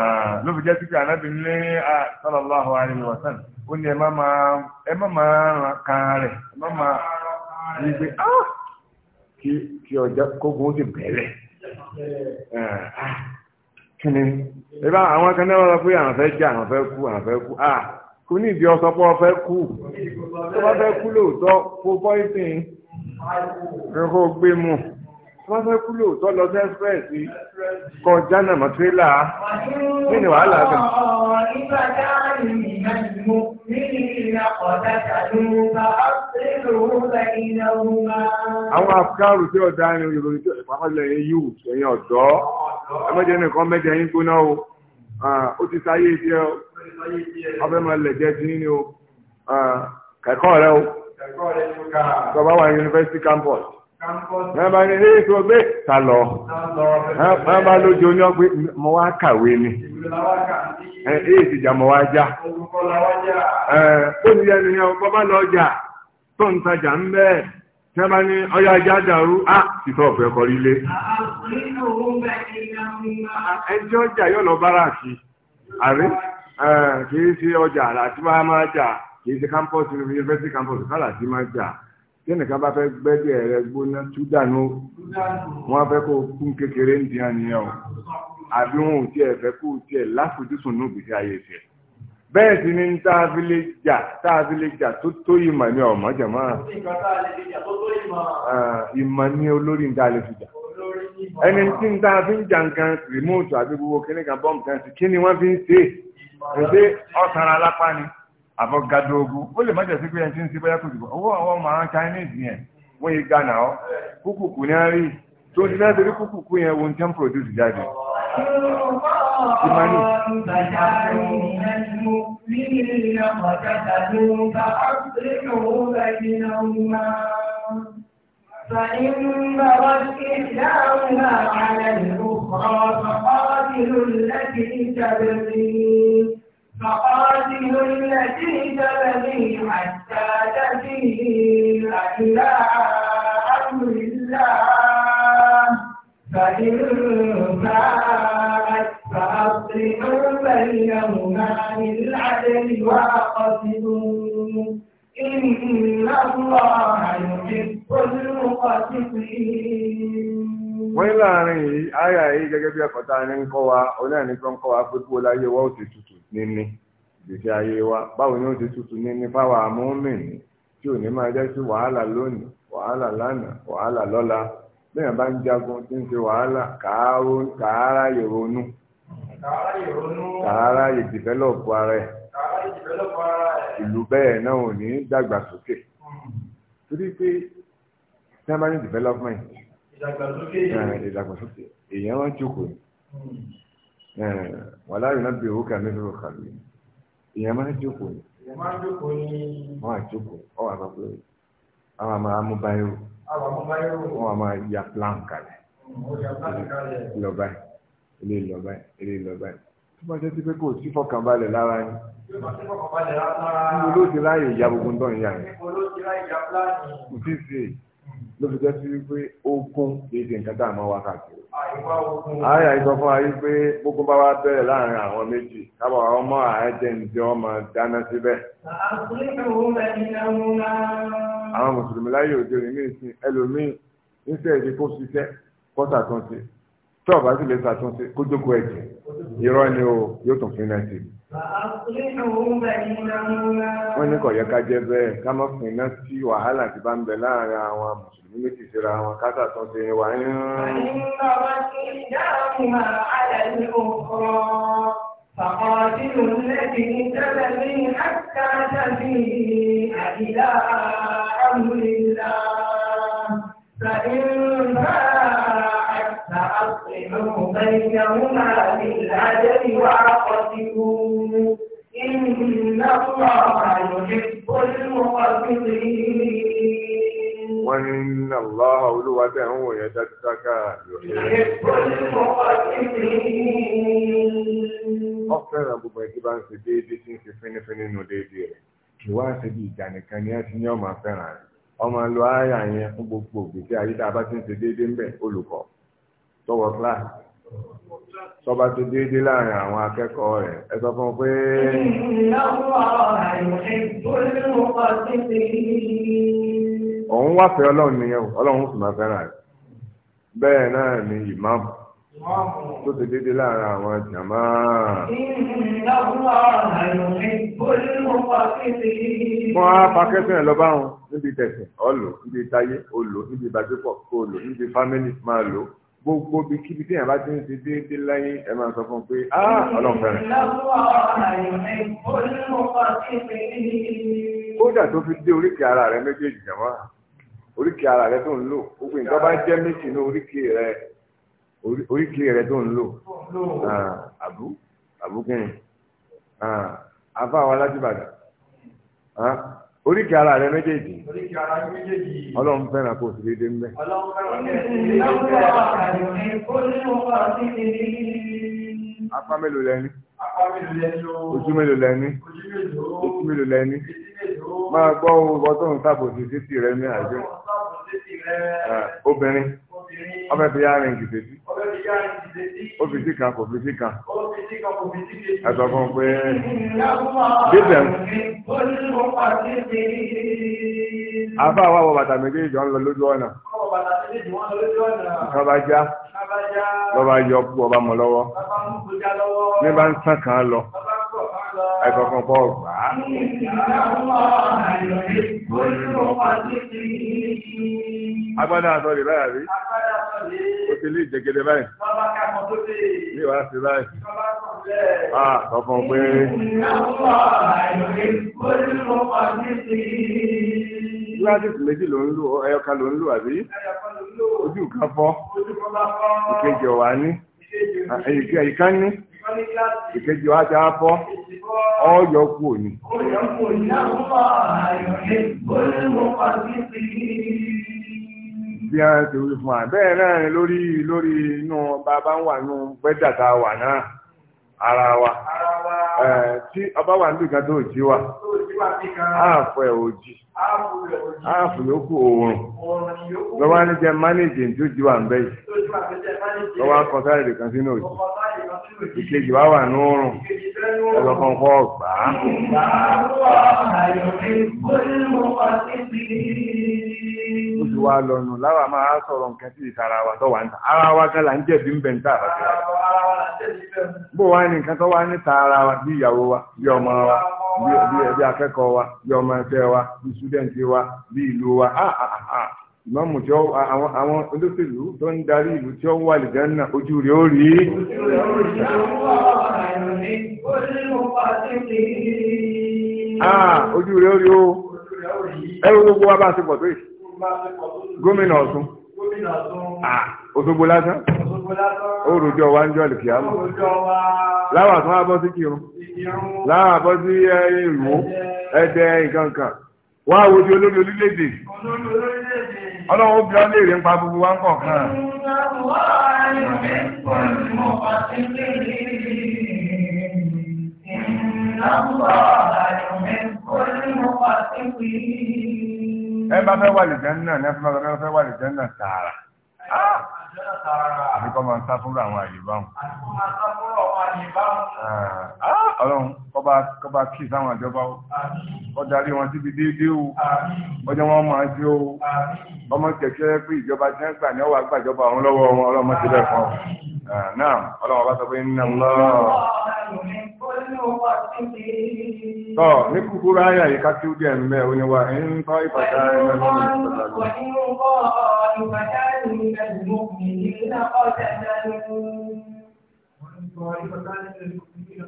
Ah, ló fi jẹ́ sí pé ànábì ní ah, sallallahu alaihi wa sallam ó ní ẹ má máa ràn kan rẹ̀ ẹ má máa rí pé ah, kí ọjà kókó ó sì bẹ̀rẹ̀ kí ni ìbá àwọn kan náà wọ́n pé àwọn fẹ́ jẹ́ àwọn fẹ́ kú àwọn fẹ́ kú kò ní ìdí ọsọ pé wọ́n fẹ́ kú tó bá fẹ́ kú lóòótọ́ kó bọ́ ìsìn kó gbé mu wọ́n fẹ́ kú lóòótọ́ lọ sí express kọjá náà mọ́tírélà nínú wàhálà kan. àwọn afikáàrù tí ọ̀dà ni ìròyìn tí ìpàkọ́lẹ̀ yíò ẹ̀yìn ọ̀dọ́ ẹmọ́jẹ́ nìkan mẹ́jẹ yín gbóná o ó ti sáyé tí ẹ ọbẹ̀ máa lẹ̀ jẹ́ tí ní o kẹ́kọ̀ọ́ rẹ o tọ́ba wà ní yunifásitì campus. wọ́n bá ní ní ìṣòro pé ta lọ wọ́n bá lójú ọ mo wá kàwé ni èyí ti jà mo wá já ó ní ẹni yẹn bọ́ bá lọ jà tó ń tajà ń bẹ́ẹ̀ bá ní ajá dàrú á ti kọrí lé ẹjọ́ ọjà yóò lọ bára sí àrí kì í ṣe ọjà máa máa jà kì í ṣe campus university campus kálà tí nìkan bá fẹ́ gbẹ́dẹ̀ rẹ gbóná tú dànù wọ́n fẹ́ kó kún kékeré ń dín àníyàn o àbí wọn ò tí ẹ̀ fẹ́ kó tí ẹ̀ láfojúsùn ní òbí ayé tiẹ̀ bẹ́ẹ̀ sì ni táàbílé jà táàbílé jà tó tó ìmọ̀ ní ọ̀mọ́ jẹ̀mọ́ ìmọ̀ ní olórí ń dáa lè fi jà ẹni tí ń dáa fi ń jà nǹkan rìmóòtù àbí gbogbo kíní bọ́ǹkan sí kí ni wọ́n fi ń ṣe é ṣe ọ̀sán alápá ni àbọ̀gádógún ó lè mọ́jẹ̀ sí pé ẹni tí ń ti bọ́yá kò dìbò owó àwọn ọmọ àwọn Chinese yẹn wọ́n yí gánà ọ́ kúkùkù ní àárí tó ti láti rí kúkùkù yẹn ohun tí ń produce jáde. Ìmọ̀ni. فإن بغت إحداهما على الأخرى مقاته التي تبني حتى تفيء إلى أمر الله فإن فاءت فأصلحوا بينهما بالعدل وأقسطوا إن الله يحب المقسطين wọ́n láàrin yìí àyà yìí gẹ́gẹ́ bí ẹ̀kọ́ta ní ń kọ́ wa onáà ní kọ́ wa láyé wọ́n ò ti tutù níní ìgbésí ayé wa báwo ni ó ti tutù níní fáwọn amúmìnì tí ò ní máa jẹ́ sí wàhálà lónìí wàhálà lánàá wàhálà lọ́la bẹ́ẹ̀ bá ń jagun tí ń ṣe wàhálà kàárà ìrònú kàárà ìdìfẹ́lọ̀pù ara ẹ̀ ìlú bẹ́ẹ̀ náà ò ní dàgbàsókè torí pé tí wọ́n bá ní development ìdàgbàsókè èèyàn wọn jókòó ni wàlá yìí náà bèrè ó kà mí lórí kàlù yìí ìyẹn máa jókòó ni. máa jókòó ni. wọn á jókòó ọ wà sọ pé àwọn àmà amúbáyérò. àwọn amúbáyérò. wọn àmà ya plan kalẹ̀. ọjà plan kalẹ̀. lọ́ba ilé lọ́ba ilé lọ́ba tó bá jẹ́ sí pé kò sí fọkànbalẹ̀ lára yín. níbo ló ti láyè ìyá gbogbo ń dán ìyá yẹn. níbo ló ìyá ló fi jẹ́ wípé ogun kìí ṣe nǹkan tá a máa wá káàkiri. ayé àìsàn fún ayé pé gbogbo bá wá bẹ̀rẹ̀ láàrin àwọn méjì kábọ̀ ọmọ àẹ́jẹ̀ ọmọ dáná síbẹ̀. àwọn mùsùlùmí láyé òde òní ní ìsìn ẹlòmíín níṣẹ́ èdè kó ṣiṣẹ́ kó ṣàtúnṣe tí ọba sì lè ṣàtúnṣe kó jókòó ẹ̀jẹ̀ irọ́ ni o yóò tún fi náà ṣe. wọ́n ní kọ̀yẹ́ ká jẹ́ bẹ́ẹ̀ ká má pin náà sí wàhálà tí bá ń bẹ láàrin àwọn mùsùlùmí mùsùlùmí méjì síra wọn kátà tán ti wà ń. فقاتلوا الذي تبغي حتى تبيع إلى أمر الله فإن فاعت فأصلحوا بينهما بالعدل وأقسطوا إن الله يحب المقسطين wọ́n ní nàlọ́ olúwa tẹ̀ ń wòye dájúdáká yòókè. ọ̀fẹ́ràn gbogbo ẹgbẹ́ bá ń ṣe déédéé tí ń ṣe fínífíní nù déédéé rẹ̀ ìwá ṣe bí ìjà nìkan ni ẹ ní ọmọ fẹ́ràn rẹ̀ ọmọ lo àyà yẹn fún gbogbo gbèsè ayé bá ti ń ṣe déédéé ń bẹ̀ olùkọ́ tọwọ kíláàsì tọba ti déédéé láàrin àwọn akẹ́kọ̀ọ́ rẹ̀ ẹ sọ fún un pé. ìnáwó àìsàn ìbólú ọkọ̀ títí òun wá fẹ́ ọlọ́run nìyẹn o ọlọ́run sì máa fẹ́ràn rẹ̀ bẹ́ẹ̀ náà ni ìmáàmù tó ti dédé láàrin àwọn jàmá. wọ́n á pa kẹ́sìn ẹ̀ lọ bá wọn níbi tẹ̀sìn ọ̀lọ́ níbi táyé olò níbi ìbájúpọ̀ olò níbi fámílì máa lò gbogbo bí kíbi tí yàrá ti ń ti déédé láyé ẹ máa sọ fún un pé á ọlọ́run fẹ́rẹ̀. kódà tó fi dé oríkèé ara rẹ méjèèjì jàmá oríkì ara rẹ tó ń lò gbogbo nǹkan bá jẹ́ méjì ní oríkì rẹ oríkì rẹ tó ń lò ah, àbú àbúkẹ́yìn àfa àwọn alájùbàdàn oríkì ara rẹ méjèèjì ọlọ́run fẹ́ràn kó sì déédéé mbẹ́. apá mélòó lẹ́ni ojú mélòó lẹ́ni ojú mélòó lẹ́ni máa gbọ́ owó bọ́tọ̀ ń sábòsí títì rẹ ní àjọ obìnrin ọbẹ̀ fi yá rìn kìtè sí ó fi sí kan kò fi sí kan ẹ sọ fún un pé bíbẹ̀ àbá wa wọ bàtà méjèèjì ń lọ lójú ọ̀nà ìkan bá já lọ́ba yọ kú ọba mọ̀ lọ́wọ́ ní bá ń sàn kan lọ ẹ̀kọ̀kan bọ́ ọ̀gbà. agbádá àtọ́ lè báyà rí o ti lé ìjẹgẹdẹ báyìí ní ìwà sí báyìí. Ah, ọkàn pé. Gíláàsìsì méjì ló ń lò, ẹyọkan ló ń lò àbí? Ojú kan fọ́, ìkejì ọ̀wá ní, èyíká ní ìkejì wa ti á bọ́ ọ̀yọ́ kú òní. bí a ti wí fún wa bẹ́ẹ̀ náà lórí lórí inú bàbá wà nù pẹ́jà tá wà náà. ara wa tí ọba wà nígbà tó jí wa afọ ẹ̀ òjì áàfọ̀ yòókù oorun, lọ́wọ́ ní jẹ́ mánéjì tó jí wa ń yìí lè kàn wa wà ó ti wá lọ́nu máa sọ̀rọ̀ nǹkan tí ìsara wa tó wà níta ara wa kan là ń jẹ̀bi ń bẹ̀ wa. bó wá ní nǹkan wa bí ìyàwó wa bí ọmọ wa bí wa bí ọmọ ẹgbẹ́ wa bí wa bí ìlú wa ìmọ̀mù tí àwọn olóṣèlú tó ń darí ìlú tí wà lè gbogbo wa bá pọ̀ gómìnà ọ̀tún òṣogbo lásán òrùjọ wa ń jọ lìkì àmọ́ láwọn àtúnwá bọ́ sí kírun láwọn àbọ́ sí ìrùwó ẹ̀dẹ ìkankan wá wo di olórí orílẹ̀-èdè ọlọ́run ó bí ọ léèrè ń pa gbogbo wa ń kọ̀ọ̀kan. Ìnáwó àyùmí kò ní mo pàṣẹ wí ẹ bá fẹ́ wà lè jẹ́ náà ní ẹ fẹ́ wà lè jẹ́ náà tààrà ah! àti kọ́ máa ń sá fúnra àwọn àyè báwọn. Ah! Ah! ọlọ́run kọba kí sáwọn àjọba ó kọ́ darí wọn síbi déédéé o ọjọ́ wọn máa ṣe o ọmọ kẹ̀kẹ́ pé ìjọba tí wọ́n gbà ní ọwọ́ àgbàjọba ọ̀hún lọ́wọ́ wọn ọlọ́mọ ti bẹ̀ fún ọ. náà ọlọ́run ọba sọ pé nínú ọlọ́run. Tọ́ ní kúkúrú ayà yìí ká tí ó díẹ̀ mẹ́ o ní ń tọ́ ìpàdá ẹ̀mẹ́ lọ́nà ìpàdá.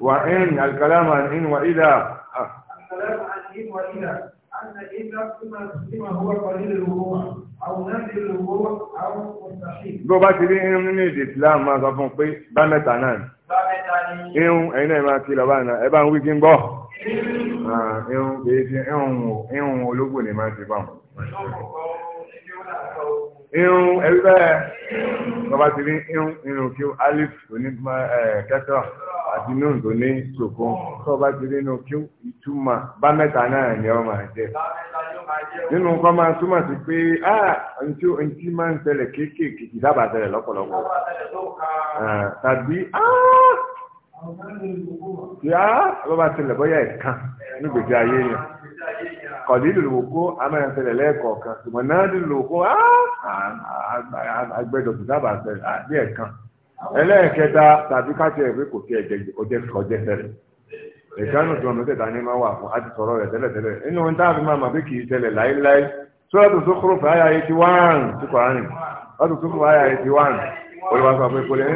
Wà ń alkalama ń wà ìdá. Alkalama ń wà ìdá. أن إذا كنا فيما هو قليل الوقوع أو نادر الوقوع أو مستحيل. bó bá ti rí irun nínú èdè Islam máa sọ fún un pé bá mẹ́ta náà ni. bá mẹ́ta ni. irun ẹ̀yin náà máa kí lọ́ba náà ẹ bá ń wí kí n gbọ́. irun kìí ṣe irun ológbò ni máa ti bá wọn àti nínú tó ní ṣòkun tó bá ti nínú kí ìtumọ̀ bá mẹ́ta náà ni ọ máa jẹ́ nínú kọ́ máa túmọ̀ sí pé ntí ntí máa ń tẹ̀lẹ̀ kéékèèké kì dábàá tẹ̀lẹ̀ lọ́pọ̀lọpọ̀ tàbí tí a ló bá tẹ̀lẹ̀ bóyá ẹ̀kan nígbèsè ayé yẹn kọ̀dí lòlòkó amẹ́rẹ̀ntẹ̀lẹ̀ lẹ́ẹ̀kọ̀ọ̀kan ṣùgbọ́n náà lòlòkó agbẹ́dọ̀ kì dábàá tẹ̀lẹ̀ bí ẹ̀kan. ẹlẹ́ẹ̀kẹta tàbí káṣẹ ìwé kò sí ẹ̀jẹ̀ kọjẹ́ kọjẹ́ tẹ́lẹ̀ ụzọ tí wọn mẹ́tẹ̀ẹ̀ta ní máa wà fún àti sọ̀rọ̀ rẹ̀ tẹ́lẹ̀tẹ́lẹ̀ inú ma táàbí máa máa bí kì í tẹ́lẹ̀ láéláé sọ́ọ̀tù sókòrò fàáyà eighty one tí kò olùwà sọ pé kò lè.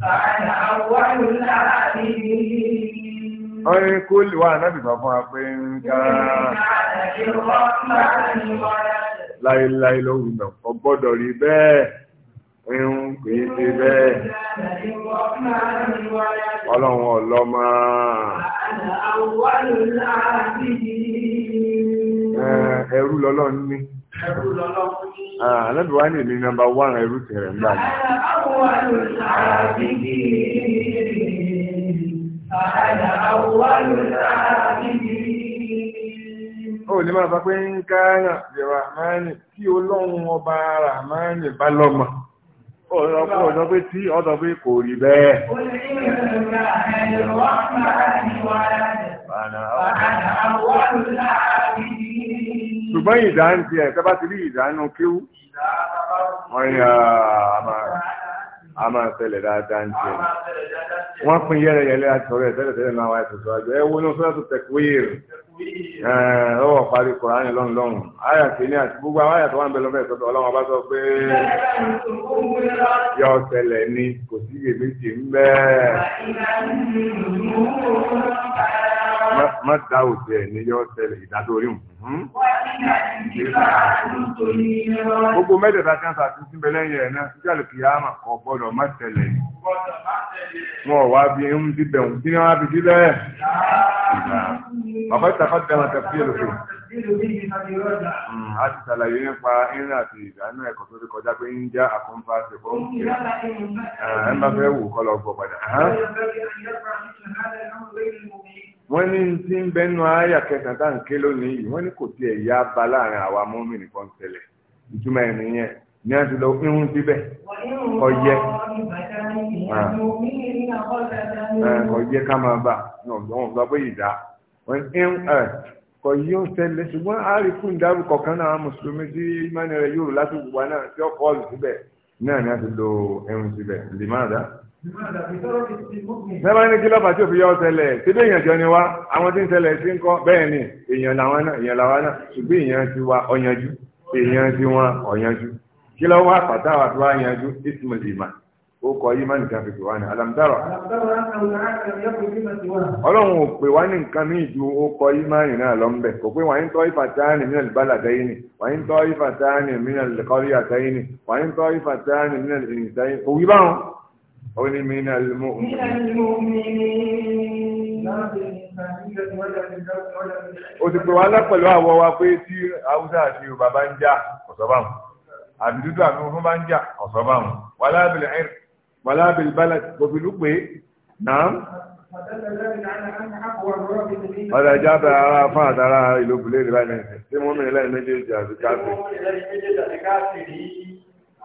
فأنا أول العابدين ọ̀rẹ́ kó lè wà náà bìbà fún apẹ́ ń ká láìláì lọ́wọ́ ọgbọ́dọ̀ rí bẹ́ẹ̀ ẹ̀hún kò í ṣe bẹ́ẹ̀ ọlọ́run ọlọ́mọ ẹ̀rú lọ́lọ́run ní. Ah, that one is the number one I mi. Ó Oh, máa sọ pé ń káyà jẹ̀wà Rahmani tí Ọlọ́run ọba Rahmani bá lọ́mọ. Ó lọ pé ọ̀dọ́ pé tí ọ̀dọ́ pé kò rí bẹ́ẹ̀. Ó lè ní ìrìnàjò wá ṣùgbọ́n ìdá ń tiẹ̀ tẹ́bá ti rí ìdánú kíwú wọ́n ní ah, a máa ṣẹlẹ̀ dáadáa ń tiẹ̀ wọ́n pín yẹ́lẹ́yẹ́lé àtọ̀rọ̀ ẹ̀ tẹ́lẹ̀ tẹ́lẹ̀ náà wáyé tuntun àjọ ẹ wo ní fúlẹ́ tó tẹ̀kúwìr ọwọ́ parí Kùránì lọ́nù lọ́nù àyà kìíní àti gbogbo àwọn àyà tó wà ń bẹ lọ́fẹ̀ẹ́ sọ́dọ̀ Ọlọ́run bá sọ pé yọ ṣẹlẹ̀ ni kò sí iyèméjì má dá òtí ẹ̀ ní yọ́ tẹ́lẹ̀ ìdádórí hùn. Hmm? gbogbo mẹ́tẹ̀ẹ̀ta tí wọ́n sà ti síbẹ̀ lẹ́yìn ẹ̀ náà síjàlù kì á mà kọ́ gbọ́dọ̀ má tẹ̀lẹ̀ wọn wá bí ń bíbẹ̀ òun kí ni wọ́n á fi bíbẹ̀. bàbá ìtàkọ́ tẹ̀ wọn tẹ̀sí èrò fún hmm, a ti ṣàlàyé nípa irin àti ìdáná ẹ̀kọ́ tó ti kọjá pé ń já àkọ́ńfà ṣe fọ́ ń pè é ẹ̀ ń bá fẹ́ wò kọ́ lọ gbọ́ padà wọ́n ní tí ń bẹ́nu àyà kẹta tá à ń ké lónìí yìí wọ́n ní kò tiẹ̀ yá ba láàrin àwa mọ́mí nìkan tẹ̀lẹ̀ ìtumọ̀ ẹ̀ nìyẹn ní a ti lọ irun síbẹ̀ ọ̀yẹ́ ah. eh, ọ̀yẹ́ ká máa bà wọ́n gbọ́ pé ìdá eh, kò yí ó tẹ̀lé ṣùgbọ́n àríkún ìdárúkọ kan náà mùsùlùmí tí ìmánirẹ̀ yóò látòkùwá náà tí ọkọ̀ ọ̀lù síbẹ̀ náà ní a ti lọ irun síbẹ̀ lè má dáa sẹ́wọ́n ní kí lọ́ba tí òfin yọ ọ́ tẹ́lẹ̀ síbí èèyàn jọ ni wá àwọn tí ń tẹ́lẹ̀ sí ń kọ́ bẹ́ẹ̀ ni èèyàn làwọn náà èèyàn làwọn náà ṣùgbọ́n èèyàn ti wá ọ̀yanjú èèyàn ti wọn ọ̀yanjú kí lọ́wọ́ àpàtà wà tó wá yanjú ismail iman ó kọ yí máa nìkan fìfì wá ní alamdara ọlọ́run ò pè wá ní nǹkan míì ju ó kọ yí máa nì náà lọ́mbẹ̀ kò pé wàá ń tọ́ ìfàtáàní mìíràn bàlà dẹ́yìn ni wàá ń tọ́ ìfàtáàní mìíràn kọ́rí àtẹ́yìn ni wàá ń tọ́ ìfàtáàní mìíràn ìrìnsẹ́yìn òwú báwọn ó ní mina al-mu'minin. mina al-mu'minin. ó ti pè wá lápẹ̀lú àwọ̀ wa pé tí haúsá àti yorùbá bá ń jà ọ̀sọ́bàmù àbí dúdú àbí funfun bá ń jà ọ̀sọ́bàmù wàlá bìlẹ̀ ẹ̀rì wàlá bìlẹ̀ balẹ̀ gbòbìlú pé náà. Ọ̀dà jábẹ̀ ara fún àtàrà ìlú Bùlé ìrìbáyìí, tí wọ́n mìíràn lẹ́yìn méjèèjì àti káàkiri.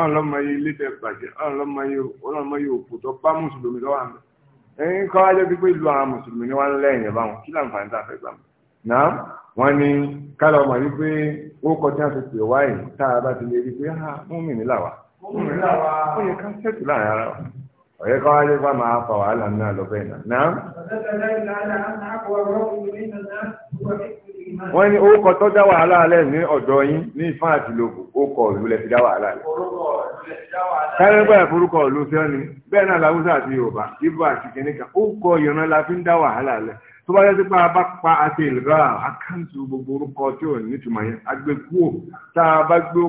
ọlọ́mọye ilé tẹ bàjẹ́ ọlọ́mọye òkú tó bá mùsùlùmí lọ́wọ́ àmì ẹ̀yìn kọ́ ajẹ́ pípé ìlú àwọn mùsùlùmí ni wọ́n ń lẹ́yìn ẹ̀ báwọn kí láǹfààní tá a fẹ́ gbà mọ́. náà wọ́n ní kálọ̀ ọmọ yìí pé ó kọ́ tí wọ́n ti pè wá yìí tá a bá ti lè rí pé á mú mi nílà wá. ó yẹ ká sẹ́tù láàrin ara wa. ọ̀yẹ́ kọ́ ajẹ́ wọ́n ní orúkọ tó dá wàhálà alẹ́ ní ọ̀dọ̀ yín ní ìfọ́n àti lòkù orúkọ òlú fi dá wàhálà alẹ́. káyọ̀ gbọ́dọ̀ forúkọ òlú fi ni bẹ́ẹ̀ náà làwùsà àti yorùbá ibo àti la fi ń dá wàhálà alẹ́ tó bá yẹ sí pé a bá pa àti ìlúra àkáǹtì gbogbo orúkọ tí ò nítumọ̀ yẹn agbẹ́kúò tá a bá gbé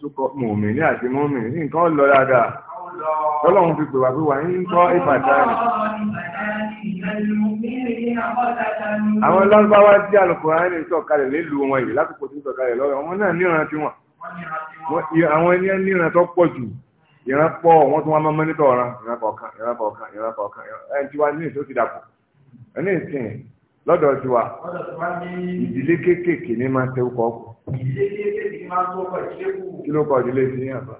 tó wọlé àwọn lárúbáwá tí alùkùránì ń sọ̀kalẹ̀ nílùú wọn yìí lásìkò tí ń sọ̀kalẹ̀ lọ́wọ́ àwọn náà níran tí wọn àwọn ẹni níran tó pọ̀ jù ìran pọ̀ wọ́n tún wá máa mọ́nítọ̀ ọ̀ràn ìran kọ̀ọ̀kan ìran kọ̀ọ̀kan ìran kọ̀ọ̀kan ẹni tí wá ní ìṣó ti dàpọ̀ ẹni ìsìn lọ́dọ̀ ti wa ìdílé kéékèèké ní máa ń tẹ́wọ́ kọ́ ọ̀pọ̀. kí ló kọ ìdílé ti yín àbá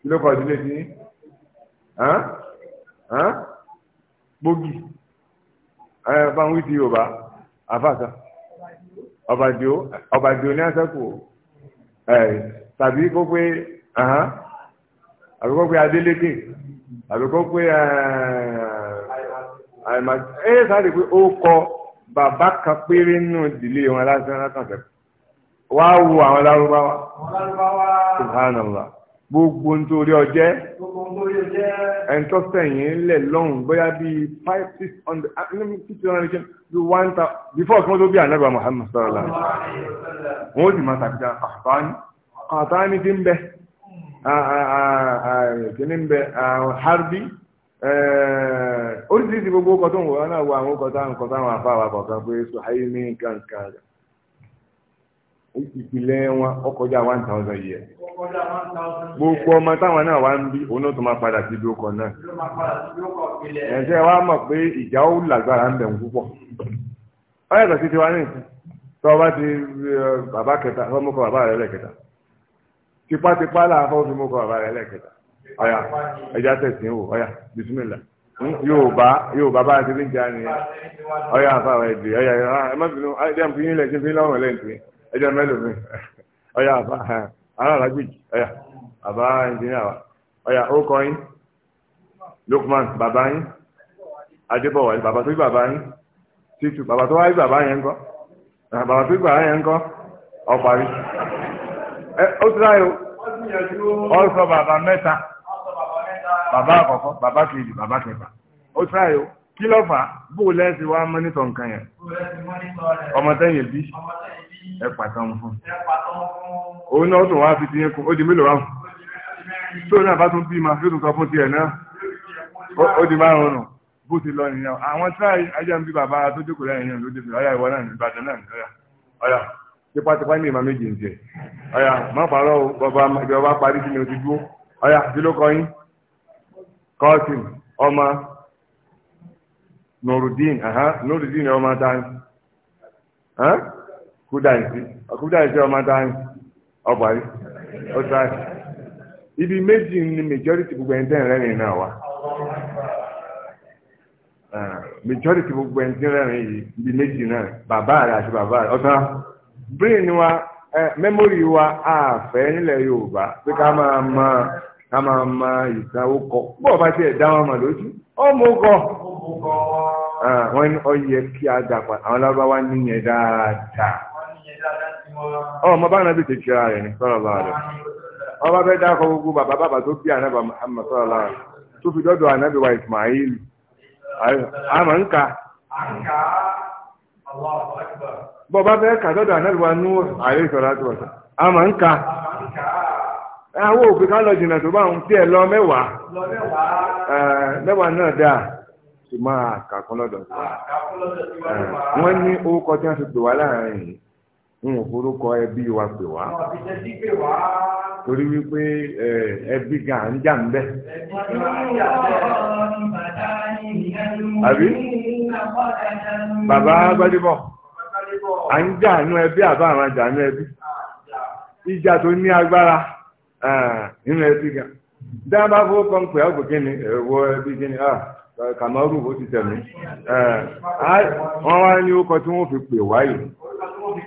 kí ló kọ ìdílé ti yín? bógì. ẹ bá ń wí ti yorùbá àfàkà ọ̀bàdìó ọ̀bàdìó ní àṣẹ́kù ẹ tàbí kó pé àbí kó pé adélékè àbí kó pé ẹ sáré pé ó kọ bàbá kan péré ìdílé wọn lásán wá wo àwọn lárúbáwá subhanallah. gbogbo nítorí ọjẹ́ ẹ̀ńtọ́ sẹ̀yìn lẹ̀ lọ́hùn bóyá bíi five six hundred six ah, hundred bí one thousand before kí wọ́n tó bí ànábà Muhammad sọ̀rọ̀lá wọ́n ó sì máa sàkíta àtàní àtàní ti ń bẹ hmm. ah, ah, kìíní ń bẹ harbi eh, oríṣiríṣi gbogbo ọkọ̀ tó ń wọ̀ náà wọ àwọn pé ní kankan ìpìlẹ̀ wọn ọkọjá one thousand years. gbogbo ọmọ táwọn náà wá ń bí òun náà tó máa padà sí ibi ọkọ̀ náà. ẹ̀sẹ̀ wa mọ̀ pé ìjà ó lágbára ń bẹ̀ ń púpọ̀. ó yàtọ̀ sí tiwa nìyí tó o bá ti bàbá kẹta tó mú kọ bàbá rẹ lẹ́kẹta tipátipá làáfọ́ fi mú kọ bàbá rẹ lẹ́kẹta ọ̀yà ẹja tẹ̀sí wò ọ̀yà bisimilá hm? yorùbá yorùbá bá a ti rí ìjà nìyẹn ọ̀yà àfàwẹ̀ ẹ̀dì ọ̀yà ẹ̀ má bínú ẹ̀ dẹ́n ẹjọ́ mẹ́lòmí ọ̀yà àbá aláàlágbèjì ọ̀yà àbá ẹnjìníà wa ọ̀yà orúkọ yín Lukman bàbá yín Adébọ̀wálé bàbá tó bí bàbá yín Títù bàbá tó wáyé bàbá yẹn ńkọ́ bàbá tó bí bàbá yẹn ńkọ́ ọ̀parí ẹ ó ti ráyò ó sọ bàbá mẹ́ta bàbá àkọ́kọ́ bàbá kejì bàbá kẹfà ó ti ráyò kí ló fà bó lẹ́sìn mọ́nítọ̀ nǹkan yẹn ọmọ tẹ́yìn bí. ẹ pàtàn fún òun náà tó wá fi ti yẹn kún ó di mélòó tó náà bá tún bí ma yóò tún sọ fún tiẹ̀ náà ó di márùn nù bó ti lọ nìyẹn àwọn ajá ń bí bàbá tó jókòó yẹn ló dé fìlà ọ̀yà ìwọ náà náà nìyẹn ọ̀yà tipátipá ní ìmọ̀ méjì ń jẹ ọ̀yà má parọ́ bàbá ìjọba parí kí ni o ti dúró ọ̀yà ló kúdáìsí kúdáìsí ọmọ dáhùn ọgbàrí ibi méjì ni majority gbogbo ẹni tẹ́rìn rẹ́rìn náà wà ah, majority gbogbo ẹni tẹ́rìn rẹ́rìn yìí ibi méjì náà bàbá rẹ̀ àti bàbá rẹ̀ ọ̀sán brain wa memory wa àfẹ́ nílẹ̀ Yorùbá pé ká máa ká máa ma ìsanwó kọ bá a dà pa Ọ oh, bá anabi ti kíra rẹ̀ ní baa alaihi Ọ baa fẹ́ dákọ̀ gbogbo bàbá bàbá tó bí ànábà Muhammad sallallahu alaihi tó fi dọ́dọ̀ ànábì wa Ismail àmọ́ ń ka bọ́ bá fẹ́ kà wa nú ka àwọn òfin ká lọ jìnnà tó bá ń lọ náà tó máa kà lọ́dọ̀ tó ní n forúkọ ẹbí wa pè wá. torí wípé ẹbí gan à ń bẹ. àbí bàbá à ń jà ẹbí àbá àwọn àjà àánú ẹbí ìjà tó ní agbára nínú ẹbí gan dábàá fowópamọ́ ń pè ọ́ ni ẹ̀wọ́ ẹbí ni ah, ó ti wọ́n wá ní tí wọ́n fi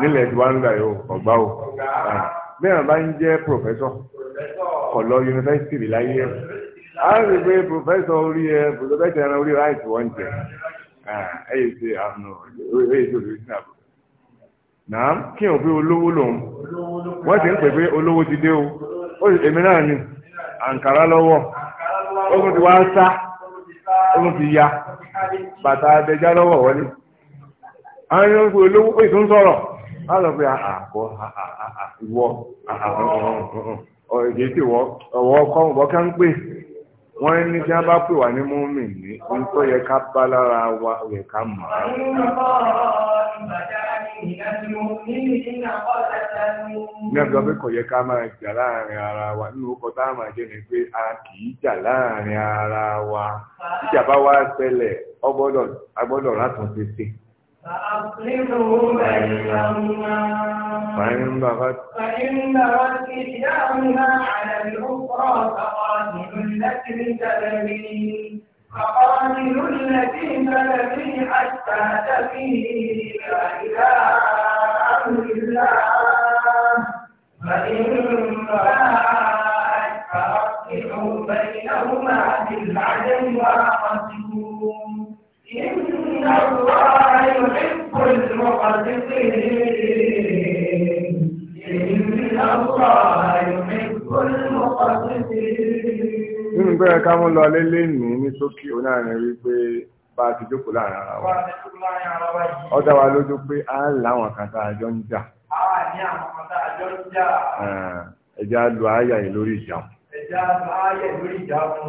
nílẹ̀ tiwa ń gbà yóò ọ̀gbá o ah, bẹ́ẹ̀ bá ń jẹ́ pòfẹ́sọ̀ kọ̀lọ́ yunifásitì rí láyé ẹ̀ á rí pé pòfẹ́sọ̀ orí ẹ pòfẹ́sọ̀ ẹran orí ráìtì wọ́n jẹ ẹ̀yẹ ah, ṣe àmì ah, ẹ̀yẹ ṣe olùrí sínú àbò náà kí n ò pé olówó lòun wọ́n ti ń pè pé olówó ti dé o èmi náà ni àǹkárá lọ́wọ́ ogun ti wá ń sá ogun ti ya bàtà abẹjá lọ́wọ́ wọlé. àwọn èèyàn ń pè olówó pé tó ń sọ̀rọ̀ á àkọ́ ah, ah, ah, ìwọ èyí tí ọwọ́ kọ́hùn bọ́ ká ń pè wọ́n ní tí a bá pè wá ní mọ́mì ní ohun tó yẹ ká bá lára wa yẹ ká mọ̀ ní ọjọ́ pé kò yẹ ká máa jà láàrin ara wa nínú orúkọ tá a máa jẹ́ ni pé a kì í jà láàrin ara wa ìjà bá ṣẹlẹ̀ ọgbọ́dọ̀ látúnṣe sí i. فأصلحوا بينهما فإن بغت فإن بغت إحداهما على الأخرى فقاتلوا التي تبغي فقاتلوا التي تبغي حتى تفي إلى أمر الله فإن باءت فأصلحوا بينهما بالعدل وأقسموا إن الله yẹ ká mú lọ lélé ní ní sókè onáàrin wípé bá ti jókòó láàrin ara wa ó dá lójú pé a ń láwọn kan tá a jọ ń jà ẹ̀já lu àyà yìí lórí ìjà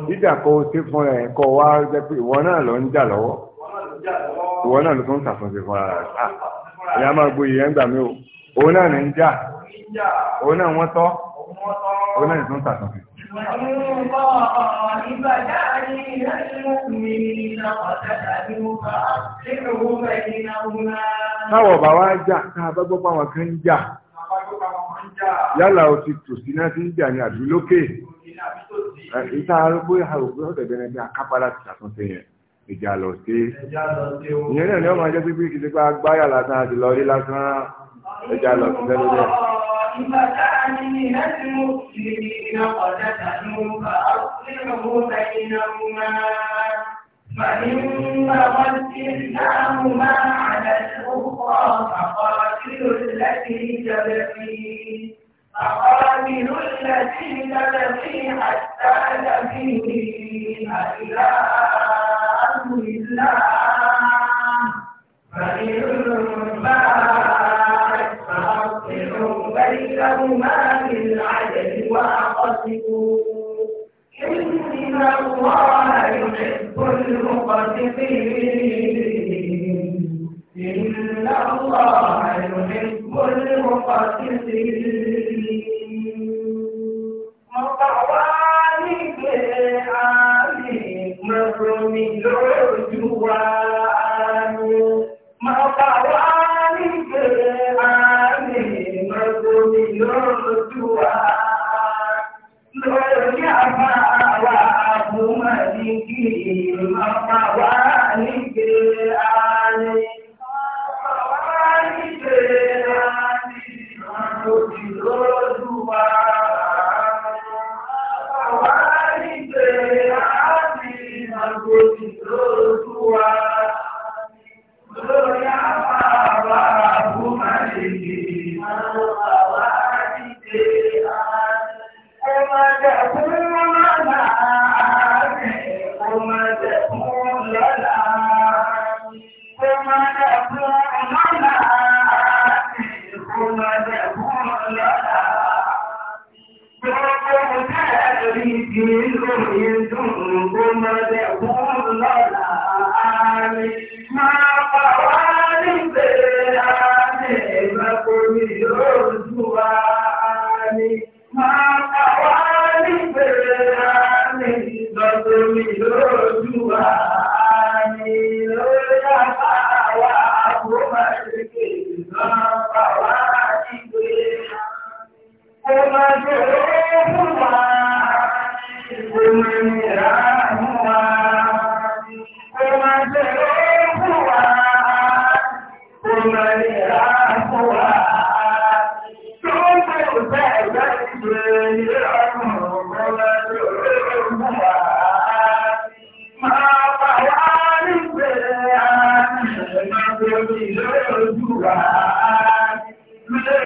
ìjà kò sí fún ẹ kọ wá jẹ pé ìwọ náà ló ń jà lọ́wọ́ ìwọ náà ló tún ṣàtúnṣe fún ara rẹ ìyá ah, máa gboyè ẹ̀ gbà mí o òun náà ní ń jà òun náà wọ́n tọ́ òun náà ní tún ṣàtúnṣe. وإن طائفتان من المؤمنين اقتتلوا فأصلحوا بينهما táwọ̀ bá wá jà káà bá gbọ́ pàwọn kan ń jà yálà ó ti tò sí náà ti ń jà ní àdúgbò lókè ìta arúgbó àrògbó ọ̀dẹ̀dẹ̀rẹ̀ ní akápadà ti ṣàtúnṣe yẹn ìjà lọ sí ìyẹn náà ni wọ́n máa pípé kìí pé agbáyà lásán àti lọ́rí lásán ẹja lọ sí lẹ́nu náà. فإما وجهناهما على الأخرى فقاتلوا التي تبغي فقاتلوا التي تبغي حتى تفيء إلى أمر الله فإن ما بالعدل واقسطوا إن الله يحب المقسطين إن الله يحب المقسطين